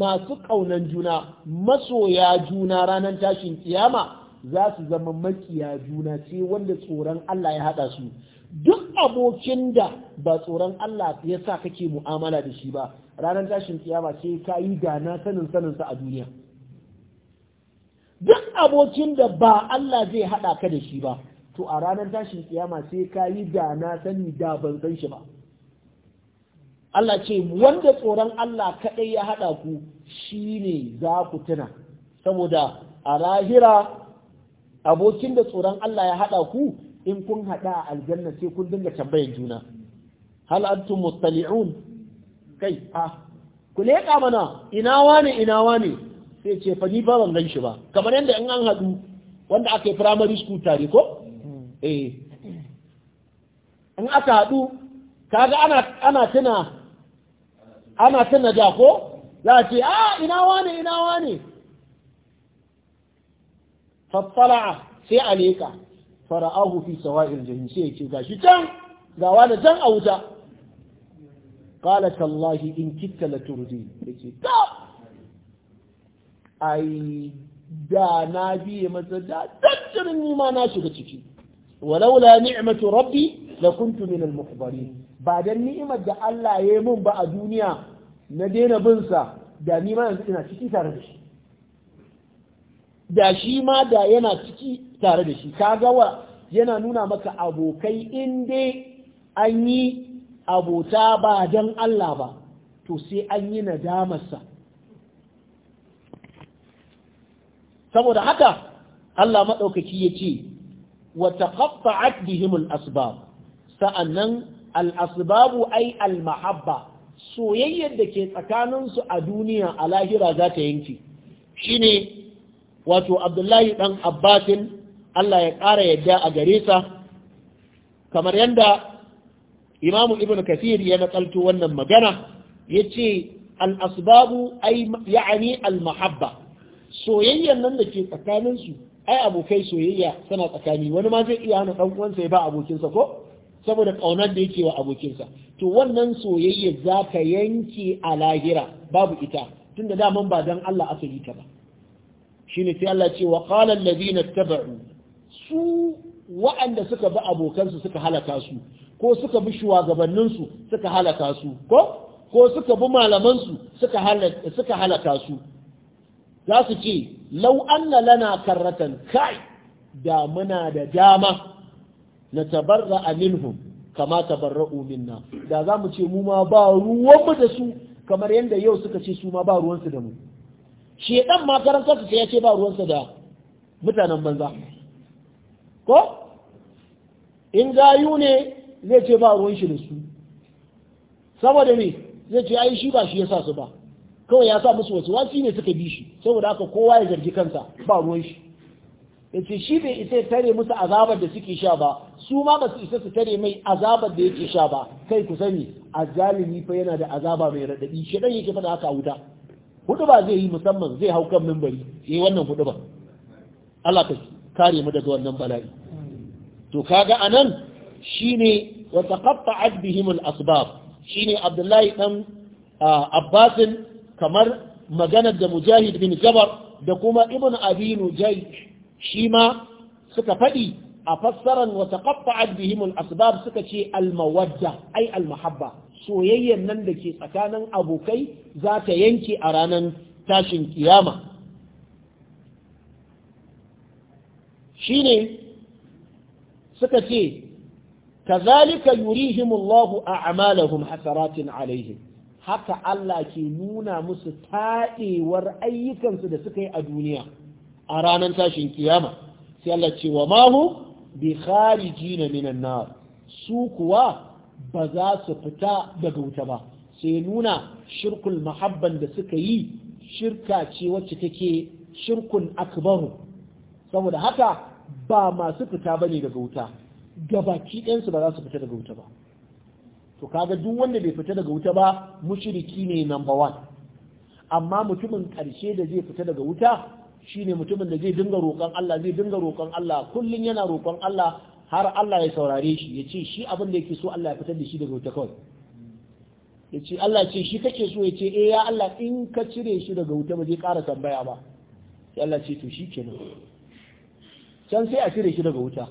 masu ƙaunan juna masoya juna ranar tashin kiyama za su zama makiya juna ce wanda tsoron Allah ya haɗa su duk abokin da ba tsoron Allah ya sa kake mu'amala da shi ba ranar tashin kiyama ce ka yi gana sanin saninsa a duniya duk abokin da ba Allah zai haɗa ka da shi ba to a ranar tashin kiyama sai ka yi da na sani da ban san shi ba Allah ce wanda tsoron Allah kaɗai ya haɗa ku shine za ku tuna saboda a lahira abokin da tsoron Allah ya haɗa ku in kun haɗa a aljanna sai kun dinga tambayar juna hal antum mustali'un kai a ah, ku leƙa mana ina wane ina wane sai ce fa ni ba ban gan ba kamar yadda in an haɗu wanda aka yi primary school tare ko eh in aka haɗu kaga ana ana tuna ana tuna da ko za a ce a ah, ina wane ina wane fattala'a sai aleka fara'ahu fi sawa'il jahim sai yake gashi can ga wani can a wuta qala tallahi in kitta la turdi yace ta ai da na biye masa da tattirin nima na shiga ciki walaula ni'imatu rabbi lakuntu min al-muhdarin ba dan ni'imar da Allah ya yi mun ba a duniya na daina bin sa da ni ma yanzu ina ciki tare da shi da shi ma da yana ciki tare da shi kaga wa yana nuna maka abokai in dai an yi abota ba dan Allah ba to sai an yi sa. saboda haka Allah maɗaukaki ya ce Wata taqatta'at bihim al-asbab sa'annan alasbabu asbabu almahabba soyayyar da ke tsakaninsu a duniya a lahira za ta yanki shine wato Abdullahi ɗan Abbasin Allah ya ƙara yadda a gare sa kamar yadda Imam Ibn Kathir ya natsalto wannan magana ya al-asbabu ya'ani ya'ni al-mahabba nan da ke tsakaninsu ai abokai soyayya suna tsakani wani ma zai iya hana ɗan uwansa ya ba abokinsa ko saboda ƙaunar da yake wa abokinsa to wannan soyayya za ka yanke a lahira babu ita tunda daman ba dan Allah aka yi ta ba shine sai Allah ce wa qala allazina taba'u su wa'anda suka bi abokansu suka halaka su ko suka bi shugabanninsu suka halaka su ko ko suka bi malamansu suka halaka su za su ce lau anna lana karratan kai da muna da dama na tabarra minhum kama tabarra minna da za mu ce mu ma ba ruwanmu da su kamar yadda yau suka ce su ma ba ruwansu da mu shedan ma karantarsa sai ya ce ba ruwansu da mutanen banza ko in gayu ne zai ce ba ruwan shi da su saboda ne zai ce ai shi ba shi ya sa su ba kawai ya sa musu wasu wasi ne suka bi shi saboda haka kowa ya zargi kansa ba ruwan shi ya ce shi bai isa tare musu azabar da suke sha ba su ma ba su isa su tare mai azabar da yake sha ba kai ku sani zalimi fa yana da azaba mai raɗaɗi shi yake fada haka a wuta hudu ba zai yi musamman zai hau kan mimbari ya yi wannan hudu ba Allah ka kare mu daga wannan bala'i to kaga anan shine wa taqatta'at bihim al-asbab shine Abdullahi ɗan ah, Abbasin kamar maganar da mujahid bin jabar da kuma ibn abinu jai shi ma suka faɗi a fassaran wata kafa bihim asbab suka ce al-mawadda ai al soyayyen nan da ke tsakanin abokai za ta yanke a ranar tashin kiyama shine suka ce kazalika yurihimullahu a'malahum hasaratin alaihim haka Allah ke nuna musu taɗewar ayyukansu da suka yi a duniya a ranar tashin kiyama sai Allah ce wa mahu bi khariji na minan nar su kuwa ba za su fita daga wuta ba sai nuna shirkul mahabban da suka yi shirka ce wacce take shirkun akbaru saboda haka ba masu fita bane daga wuta gabaki ɗansu ba za su fita daga wuta ba to kaga duk wanda bai fita daga wuta ba mushriki ne number one amma mutumin ƙarshe da zai fita daga wuta shine mutumin da zai dinga roƙon Allah zai dinga roƙon Allah kullun yana roƙon Allah har Allah ya saurare shi ya ce shi abin da yake so Allah ya fitar da shi daga wuta kawai ya ce Allah ce shi kake so ya ce eh ya Allah in ka cire shi daga wuta ba zai ƙara tambaya ba sai Allah ce to shi kenan can sai a cire shi daga wuta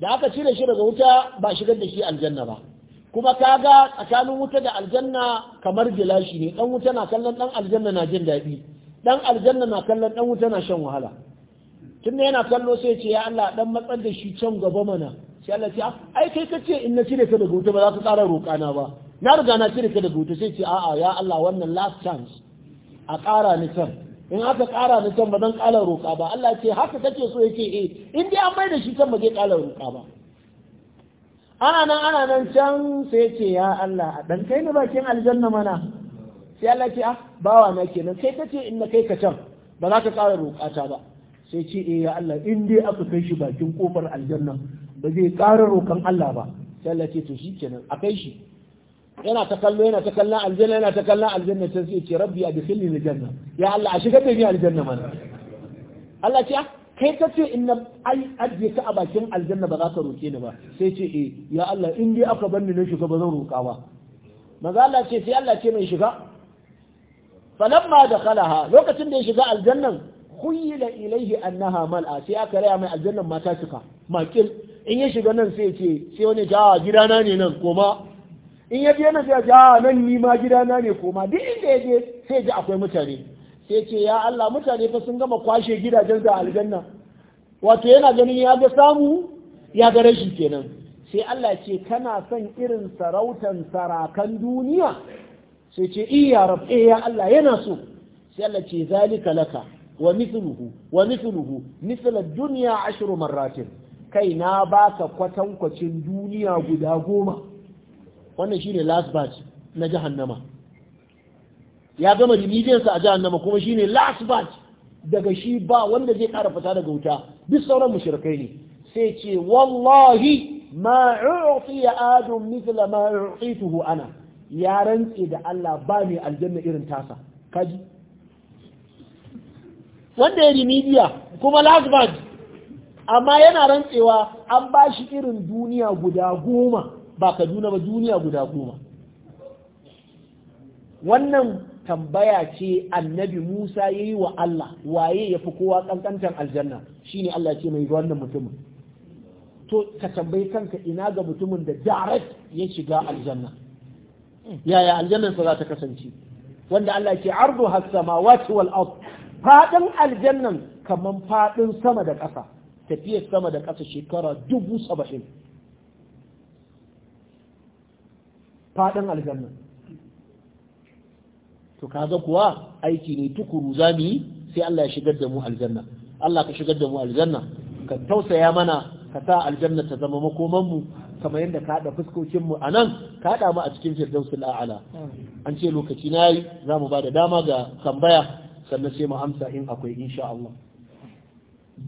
da aka cire shi daga wuta ba shigar da shi aljanna ba kuma ka ga tsakanin wuta da aljanna kamar gilashi ne dan wuta na kallon dan aljanna na jin daɗi dan aljanna na kallon dan wuta na shan wahala tun da yana kallo sai ce ya Allah dan matsar da shi can gaba mana sai Allah ce ah, ai kai kace in na cire ka daga wuta ba za ka tsara roƙana ba na riga na cire ka daga wuta sai ce a'a ya Allah wannan last chance a ƙara ni can in aka ƙara ni can ba zan ƙara roƙa ba Allah ce haka kake so yake eh in dai an bai da shi can ba zai ƙara roƙa ba ana nan ana nan can sai ce ya Allah a dan kai ni bakin aljanna mana sai Allah ce ah bawa na kenan kai kace in na kai ka can ba za ka ƙara roƙata ba sai ce eh ya Allah in dai aka kai shi bakin kofar aljanna ba zai ƙara roƙan Allah ba sai Allah ce to shikenan a kai shi yana ta kallo yana ta kallon aljanna yana ta kallon aljanna sai ce rabbi adkhilni aljanna ya Allah a shiga da ni aljanna mana Allah ce ah kai ka ce in na ajiye ka a bakin aljanna ba za ka roke ni ba sai ce eh ya Allah in dai aka bar ni na shiga ba zan roka ba maza Allah ce sai Allah ce mai shiga falamma dakhalaha lokacin da ya shiga aljannan khuyila ilaihi annaha mal'a sai aka raya mai aljannan mata cika makil in ya shiga nan sai ce sai wani ja ah, gidana ne nan koma in ya je nan sai ja ah, nan ni ma gidana ne koma duk inda ya je sai ji akwai mutane sai ce ya Allah mutane fa sun gama kwashe gidajen da aljanna wato yana ganin ya ga samu ya ga rashi kenan sai Allah ce kana son irin sarautan sarakan duniya sai ce iya eh, rab eh ya Allah yana so sai Allah ce zalika laka wa mithluhu wa mithluhu mithl ad-dunya ashru marratin kai na baka kwatankwacin duniya guda goma wannan shine last batch na jahannama ya gama dilijinsa a jahannama kuma shi last batch daga shi ba wanda zai kara fita daga wuta bis sauran mushrikai ne sai ce wallahi ma u'ti ya adam mithla ma u'tituhu ana ya rantse da Allah ba mai aljanna irin tasa kaji wanda ya rimidiya kuma last batch amma yana rantsewa an ba shi irin duniya guda goma ba kaduna ba duniya guda goma wannan tambaya ce annabi Musa ya yi wa Allah waye ya fi kowa ƙanƙantar aljanna shi ne Allah ce mai wannan mutumin to ka tambayi kanka ina ga mutumin da direct ya shiga aljanna yaya aljannansa za ta kasance wanda Allah ke ardu hassama samawati wal ard Faɗin aljannan kaman faɗin sama da ƙasa tafiyar sama da ƙasa shekara dubu saba'in Faɗin aljannan to kaga kuwa aiki ne tukuru zamu yi sai Allah ya shigar da mu aljanna Allah ka shigar da mu aljanna ka tausaya mana ka sa aljanna ta zama makoman mu kamar yadda ka haɗa fuskokin mu anan ka haɗa mu a cikin firdausul a'la an ce lokaci na yi ba da dama ga tambaya sannan sai mu amsa in akwai insha Allah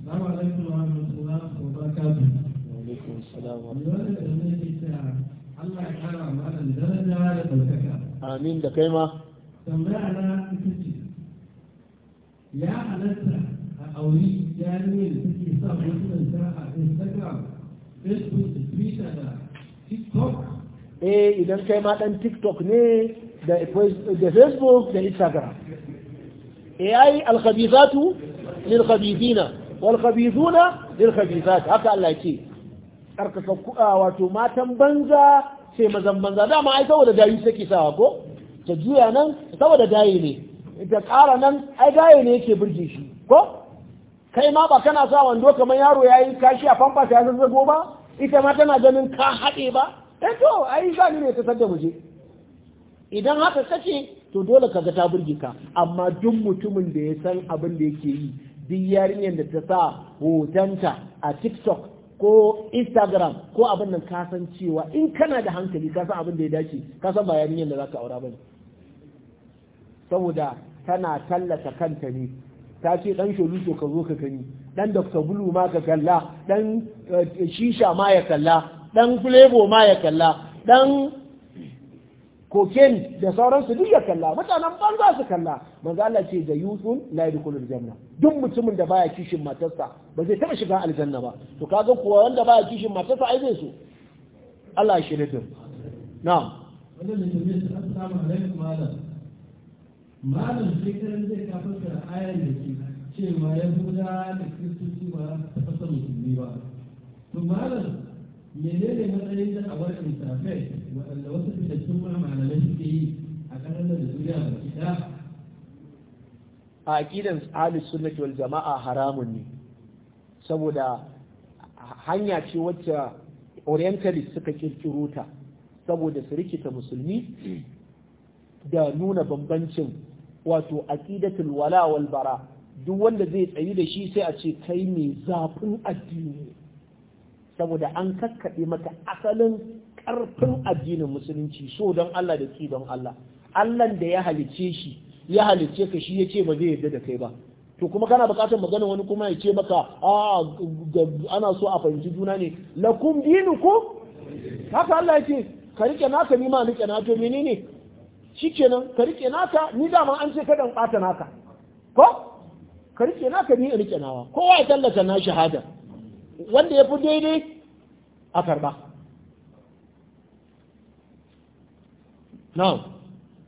Assalamu alaikum wa rahmatullahi wa barakatuh. Wa alaikum assalam wa rahmatullahi wa barakatuh. Allah ya kara malam daraja da ɗaukaka. Amin da kai ma. tambayana ita ce ya halatta a auri yarinyar da take sa wasu ta a instagram facebook da twitter da tiktok eh idan kai ma dan tiktok ne da facebook da instagram eh ai alkhabithatu lilkhabithina walkhabithuna lilkhabithat haka Allah yake karkasa wato matan banza sai mazan banza dama ai saboda dayu suke sawa ko ta juya nan saboda gaye ne ta ƙara nan ai gaye ne yake burge shi ko kai ma ba kana sa wando kamar yaro yayi kashi a famfa ta zazzago ba ita ma tana ganin ka haɗe ba eh to ai zani ne ta sadda muje idan haka kace to dole ka ga ta burge ka amma duk mutumin da ya san abin da yake yi duk yarinyar da ta sa hotonta a TikTok ko Instagram ko abin nan ka san cewa in kana da hankali ka san abin da ya dace ka san ba yarinyar da ka aura bane saboda tana tallata kanta ne ta ce dan to ka zo ka gani dan dr bulu ma ka kalla dan eh, shisha ma ya kalla dan flavor ma ya kalla dan cocaine da sauransu duk ya kalla mutanen banza su kalla manzo Allah ce da yusuf la yadkhulul janna duk mutumin da baya kishin matarsa ba zai taba shiga aljanna ba to kaga kuwa wanda baya kishin matarsa ai zai so Allah ya shirye na'am wannan alaikum malam malam shekaran zai kafarta ayar da ke cewa ya huda da kristoci ba ta fasa musulmi ba to malam ne matsayin da a wani insafai waɗanda wasu fitattun ma malamai suke yi a ƙasar da duniya ba ɗaya a aƙidan ahlus sunnati wal jama'a haramun ne saboda hanya ce wacce orientalist suka kirkiro ta saboda su rikita musulmi da nuna bambancin wato aqidatul wala wal bara duk wanda zai tsayi da shi sai a ce kai mai zafin addini saboda an kakkaɓe maka asalin ƙarfin addinin musulunci so don Allah da ki don Allah Allah da ya halice shi ya halice ka shi ya ce ba zai yarda da kai ba to kuma kana bukatar magana wani kuma ya ce maka a ana so a fahimci juna ne lakum dinukum haka Allah ya ce ka rike naka ni ma rike na to menene shikenan ka rike naka ni dama an ce kadan ɓata naka ko ka rike naka ni rike nawa kowa ya tallata na shahada wanda ya fi daidai a farba. na'am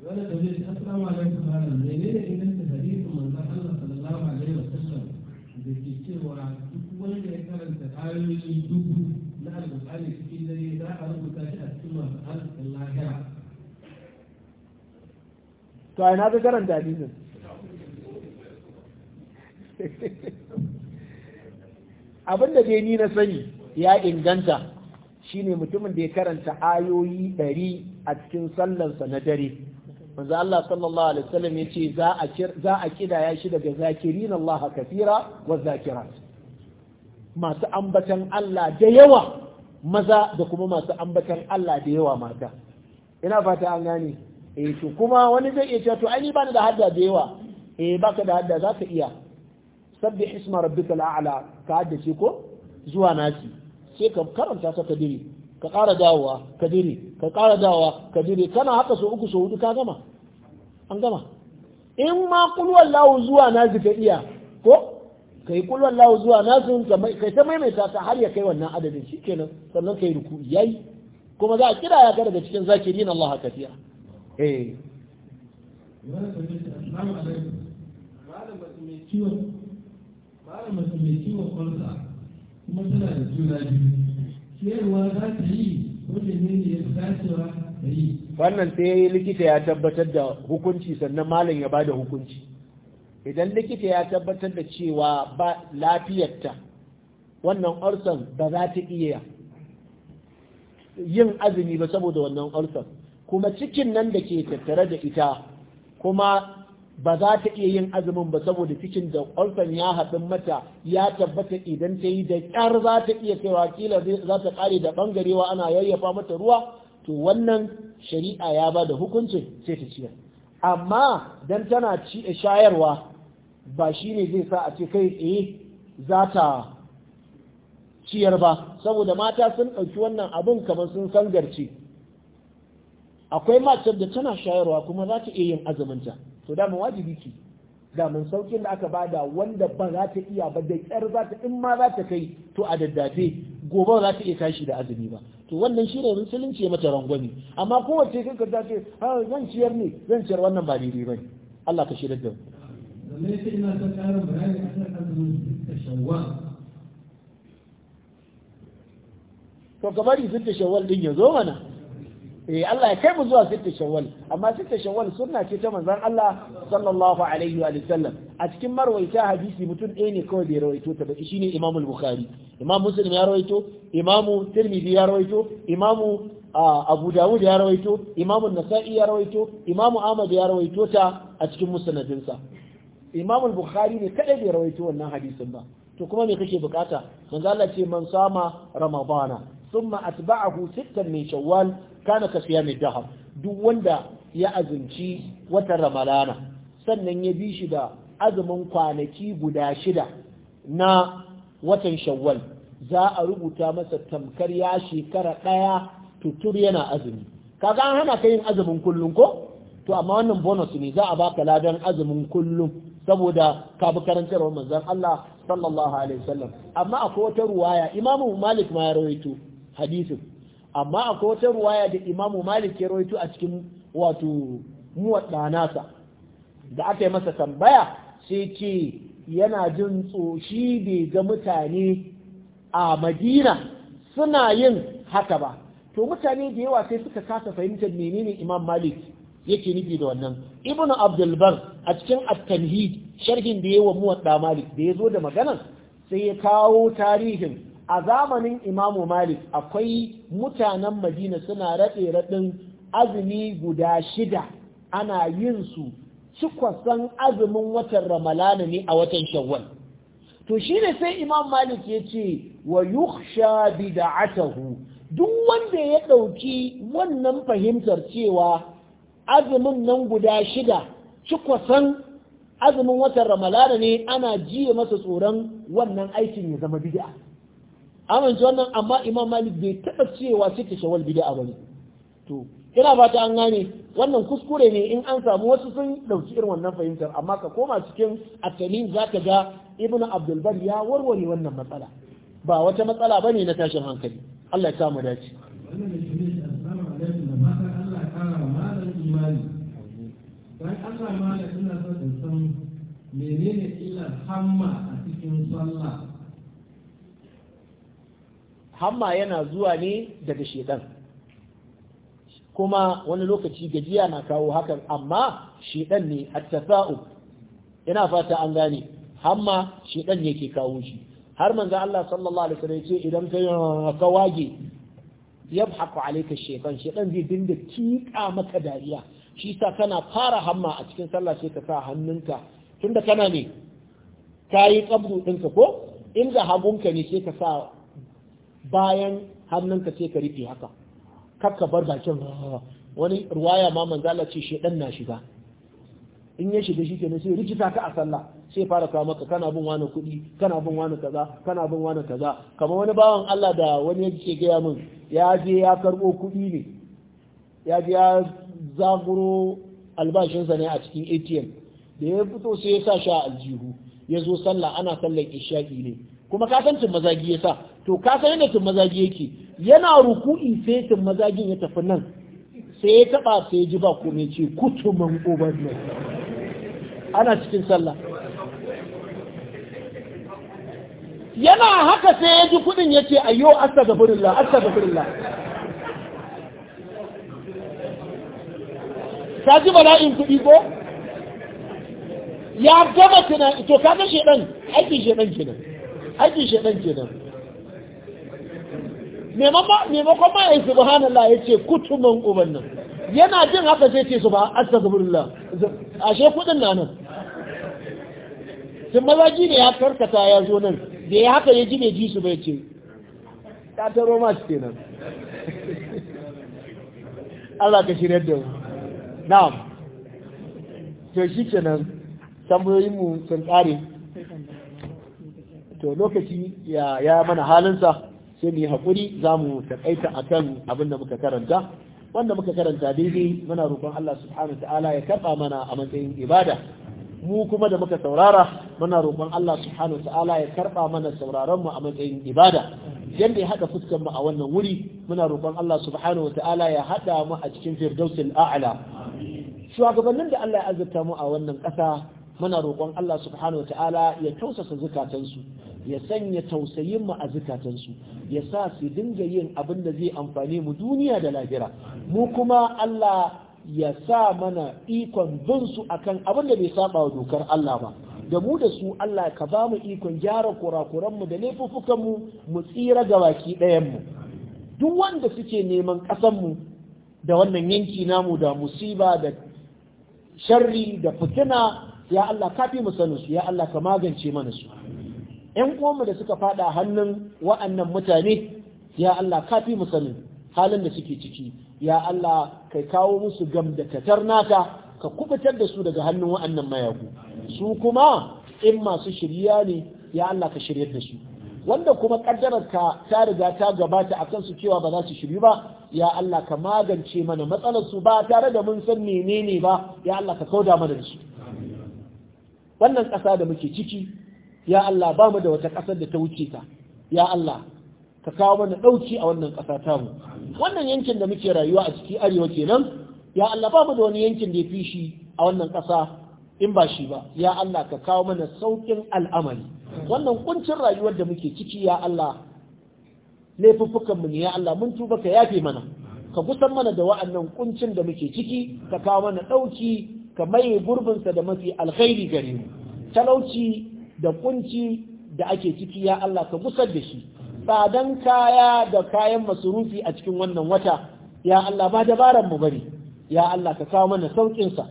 wanda ya karanta ayoyi dubu na cikin dare za a rubuta shi a cikin masu to a ina ka karanta abin da dai ni na sani ya inganta shine mutumin da ya karanta ayoyi ɗari a cikin sallarsa na dare manzo Allah sallallahu alaihi wasallam yace za a za a kidaya shi daga zakirin Allah kafira wa zakirat masu ambatan Allah da yawa maza da kuma masu ambatan Allah da yawa mata ina fata an gane eh to kuma wani zai iya cewa to ai ni bani da hadda da yawa eh baka da hadda zaka iya sabbih isma rabbikal a'la ka shi ko zuwa nasi sai ka karanta ta kadiri ka ƙara dawowa kadiri ka ƙara dawowa kadiri kana haka so uku so hudu ka gama an gama in ma qul wallahu zuwa nasi ka iya ko kai qul wallahu zuwa nasi kai ta maimaita ta har ya kai wannan adadin shikenan sannan kai ruku yayi kuma za a kira ya ga daga cikin zakirin Allah kafiya eh wannan sai ya yi likita ya tabbatar da hukunci sannan malam ya ba da hukunci idan likita ya tabbatar da cewa ba lafiyarta wannan orson ba za ta iya yin azumi ba saboda wannan orson kuma cikin nan da ke tattare da ita kuma ba za ta iya yin azumin ba saboda cikin da olfan ya haɗu mata ya tabbata idan ta yi da ƙyar za ta iya kaiwa kila za ta ƙare da ɓangarewa ana yayyafa mata ruwa to wannan shari'a ya ba da hukuncin sai ta ciyar amma dan tana shayarwa ba shi ne zai sa a ce kai tsaye za ta ciyar ba saboda mata sun ɗauki wannan abun kamar sun sangarce akwai matar da tana shayarwa kuma za ta iya yin azuminta to dama wajibi ki daman saukin da aka bada wanda ba za ta iya ba da kyar za ta in ma za ta kai to a daddafe gobe za ta iya tashi da azumi ba to wannan shi ne musulunci ya mata rangwami amma kowace kanka za ta ha ah, zan ciyar ne zan ciyar wannan ba daidai ba Allah ka shirar da mu. to kamar yi da shawwal din ya zo mana eh Allah ya kai mu zuwa sittin shawwal amma sittin shawwal sunna ce ta manzon Allah sallallahu alaihi wa sallam a cikin marwaita hadisi mutum ɗaya ne kawai ya rawaito ta ba shine Imam al-Bukhari Imam Muslim ya rawaito Imam Tirmidhi ya rawaito Imam Abu Dawud ya rawaito Imam nasai ya rawaito Imam Ahmad ya rawaito ta a cikin musnadinsa Imam al-Bukhari ne kadai ya rawaito wannan hadisin ba to kuma me kake bukata manzo Allah ce man sama ramadana thumma atba'ahu sittan mai shawwal kana ka siya mai dahab duk wanda ya azumci watan ramalana sannan ya bi shi da azumin kwanaki guda shida na watan shawwal za a rubuta masa tamkar ya shekara ɗaya tutur yana azumi kaga an hana ka yin azumin kullum ko to amma wannan bonus ne za a baka ladan azumin kullum saboda ka bi wa manzon Allah sallallahu alaihi wasallam amma akwai wata ruwaya Imamu Malik ma ya rawaito hadisin amma akwai wata ruwaya da imamu malik ya rawaito a cikin wato muwadda nasa da aka yi masa tambaya sai ce yana jin tsoshi bai ga mutane a madina suna yin haka ba to mutane da yawa sai suka kasa fahimtar menene imam malik yake nufi da wannan ibn abdulbar a cikin at-tanhid sharhin da yawa muwadda malik da ya zo da maganar sai ya kawo tarihin a zamanin imamu malik akwai mutanen madina suna raɗe raɗin azumi guda shida ana yin su cikwasan azumin watan ramalana ne a watan shawwal to shi sai imam malik ya ce wa yukhsha bida'atahu duk wanda ya ɗauki wannan fahimtar cewa azumin nan guda shida cikwasan azumin watan ramalana ne ana jiye masa tsoron wannan aikin ya zama bid'a amince wannan amma imam malik bai taɓa cewa cikin shawal bid'a bane to ina fata an gane wannan kuskure ne in an samu wasu sun ɗauki irin wannan fahimtar amma ka koma cikin atalin zaka ga ibn abdulbar ya warware wannan matsala ba wata matsala ba ne na tashin hankali Allah ya samu dace Allah Allah da ina son in san menene illar hamma a cikin sallah hamma yana zuwa ne daga shedan kuma wani lokaci gajiya na kawo hakan amma shedan ne a tafa'u ina fata an gane hamma shedan ne ke kawo shi har manzan Allah sallallahu alaihi wasallam ce idan ka ka wage yabhaku alayka shekan shekan zai dinga kika maka dariya shi sa kana fara hamma a cikin sallah sai ka sa hannunka tunda kana ne ka yi ɗinka ko inda hagunka ne sai ka sa bayan hannunka ce ka rufe haka kakka bar bakin ah. wani ruwaya ma manzala ce shedan na shiga in ya shiga shi kenan sai rikita ka a sallah sai fara kawo maka kana bin wani kuɗi kana bin wani kaza kana bin wani kaza kamar wani bawan Allah da wani yake gaya min ya je ya karɓo kuɗi ne ya je ya zaguro albashinsa ne a cikin ATM da ya fito sai ya sa sha aljihu ya zo sallah ana sallar ishaki ne kuma ka san mazagi ya sa to ka san yadda tun mazaji yake yana ruku'i sai tun mazajin ya tafi nan sai ya taba sai ya ji ba komai ce kutuman overload ana cikin sallah yana haka sai ya ji kudin ya ce ayyo astagfirullah astagfirullah Ta ji bala'in kudi ko ya gama tunan to kaga shedan aiki shedan kenan aiki shedan kenan maimakon ma yi subhanallah ya ce kutumin ubannin yana jin haka sai ce su ba asta zuburullah ashe kudin na nan sun mazaji ne ya karkata ya zo nan da ya haka ya ji mai ji su bai ce ta ta roma su ke nan <laughs> Allah ka shirya da mu Na to shi ke nan tambayoyinmu sun tsari to lokaci ya mana halinsa sai mu yi haƙuri za mu taƙaita a kan abin da muka karanta wanda muka karanta daidai muna roƙon Allah subhanahu ta'ala ya karɓa mana a matsayin ibada mu kuma da muka saurara muna roƙon Allah subhanahu ta'ala ya karɓa mana sauraron mu a matsayin ibada yadda ya haɗa fuskar mu a wannan wuri muna roƙon Allah subhanahu ta'ala ya haɗa mu a cikin firdausil a'ala shugabannin da Allah ya azurta mu a wannan ƙasa muna roƙon Allah subhanahu ta'ala ya tausasa zukatansu ya sanya tausayin mu a zukatansu ya sa su dinga yin abin da zai amfane mu duniya da lahira mu kuma Allah ya sa mana ikon bin su akan abin da bai saba wa dokar Allah ba da mu da su Allah ka ba mu ikon gyara kurakuran mu da laifuffukan mu mu tsira ga baki ɗayan mu duk wanda suke neman ƙasan mu da wannan yanki namu da musiba da sharri da fitina ya Allah ka fi mu sanin su ya Allah ka magance mana su 'yan uwanmu da suka fada hannun wa'annan mutane ya Allah ka fi mu sanin halin da suke ciki ya Allah kai kawo musu gamdakatar naka ka kubutar da su daga hannun wa'annan mayagu su kuma in masu shirya ne ya Allah ka shiryar da su wanda kuma ka ta riga ta gabata akan su cewa ba za su shiryu ba ya Allah ka magance mana matsalar su ba tare da mun san menene ba ya Allah ka kauda mana da su wannan ƙasa da muke ciki ya Allah ba mu da wata ƙasar da ta wuce ta. ya Allah ka kawo mana ɗauki a wannan ƙasa tamu wannan yankin da muke rayuwa a ciki arewa kenan ya Allah ba mu da wani yankin da ya fi shi a wannan ƙasa in ba shi ba ya Allah ka kawo mana sauƙin al'amari wannan kuncin rayuwar da muke ciki ya Allah laifuffukan mu ne ya Allah mun tuba ka yafe mana ka gusan mana da wa'annan kuncin da muke ciki ka kawo mana ɗauki ka maye gurbinsa da mafi alkhairi gare mu talauci da kunci da ake ciki ya Allah ka musar da shi tsadan kaya da kayan masurufi a cikin wannan wata ya Allah ba dabaran mu bari ya Allah ka kawo mana saukin sa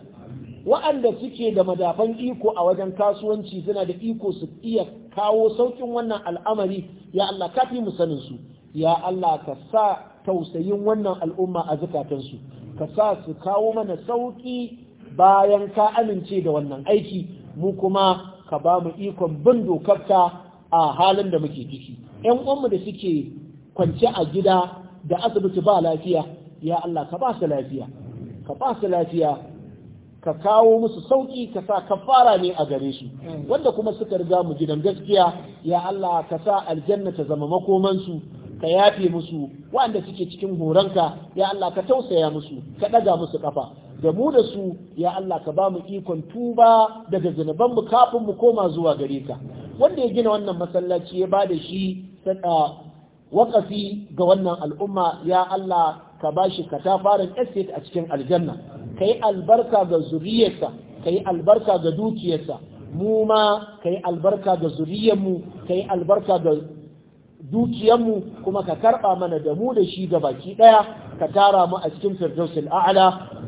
wa'anda suke da madafan iko a wajen kasuwanci suna da iko su iya kawo saukin wannan al'amari ya Allah ka fi mu su ya Allah ka sa tausayin wannan al'umma a su, ka sa su kawo mana sauki bayan ka amince da wannan aiki mu kuma ka ba mu ikon bin dokarka a halin da muke ciki Yan uwanmu da suke kwance a gida da asibiti ba lafiya ya Allah ka ba su lafiya ka ba su lafiya ka kawo musu sauƙi ka sa kafara ne a gare su wanda kuma suka riga mu gidan gaskiya ya Allah ka sa aljanna ta zama makomansu ka yafe musu waɗanda suke cikin horonka ya Allah ka tausaya musu ka ɗaga musu ƙafa da mu da su ya Allah ka ba mu ikon tuba daga zunuban mu kafin mu koma zuwa gare ka wanda ya gina wannan masallaci ya bada shi wakafi ga wannan al'umma ya Allah ka ba shi katafaren estate a cikin aljanna ka yi albarka ga zuriyarsa ka yi albarka ga dukiyarsa mu ma ka yi albarka ga zuriyarmu ka yi albarka ga dukiyarmu kuma ka karɓa mana da mu da shi ga baki ɗaya ka tara mu a cikin firdausul ala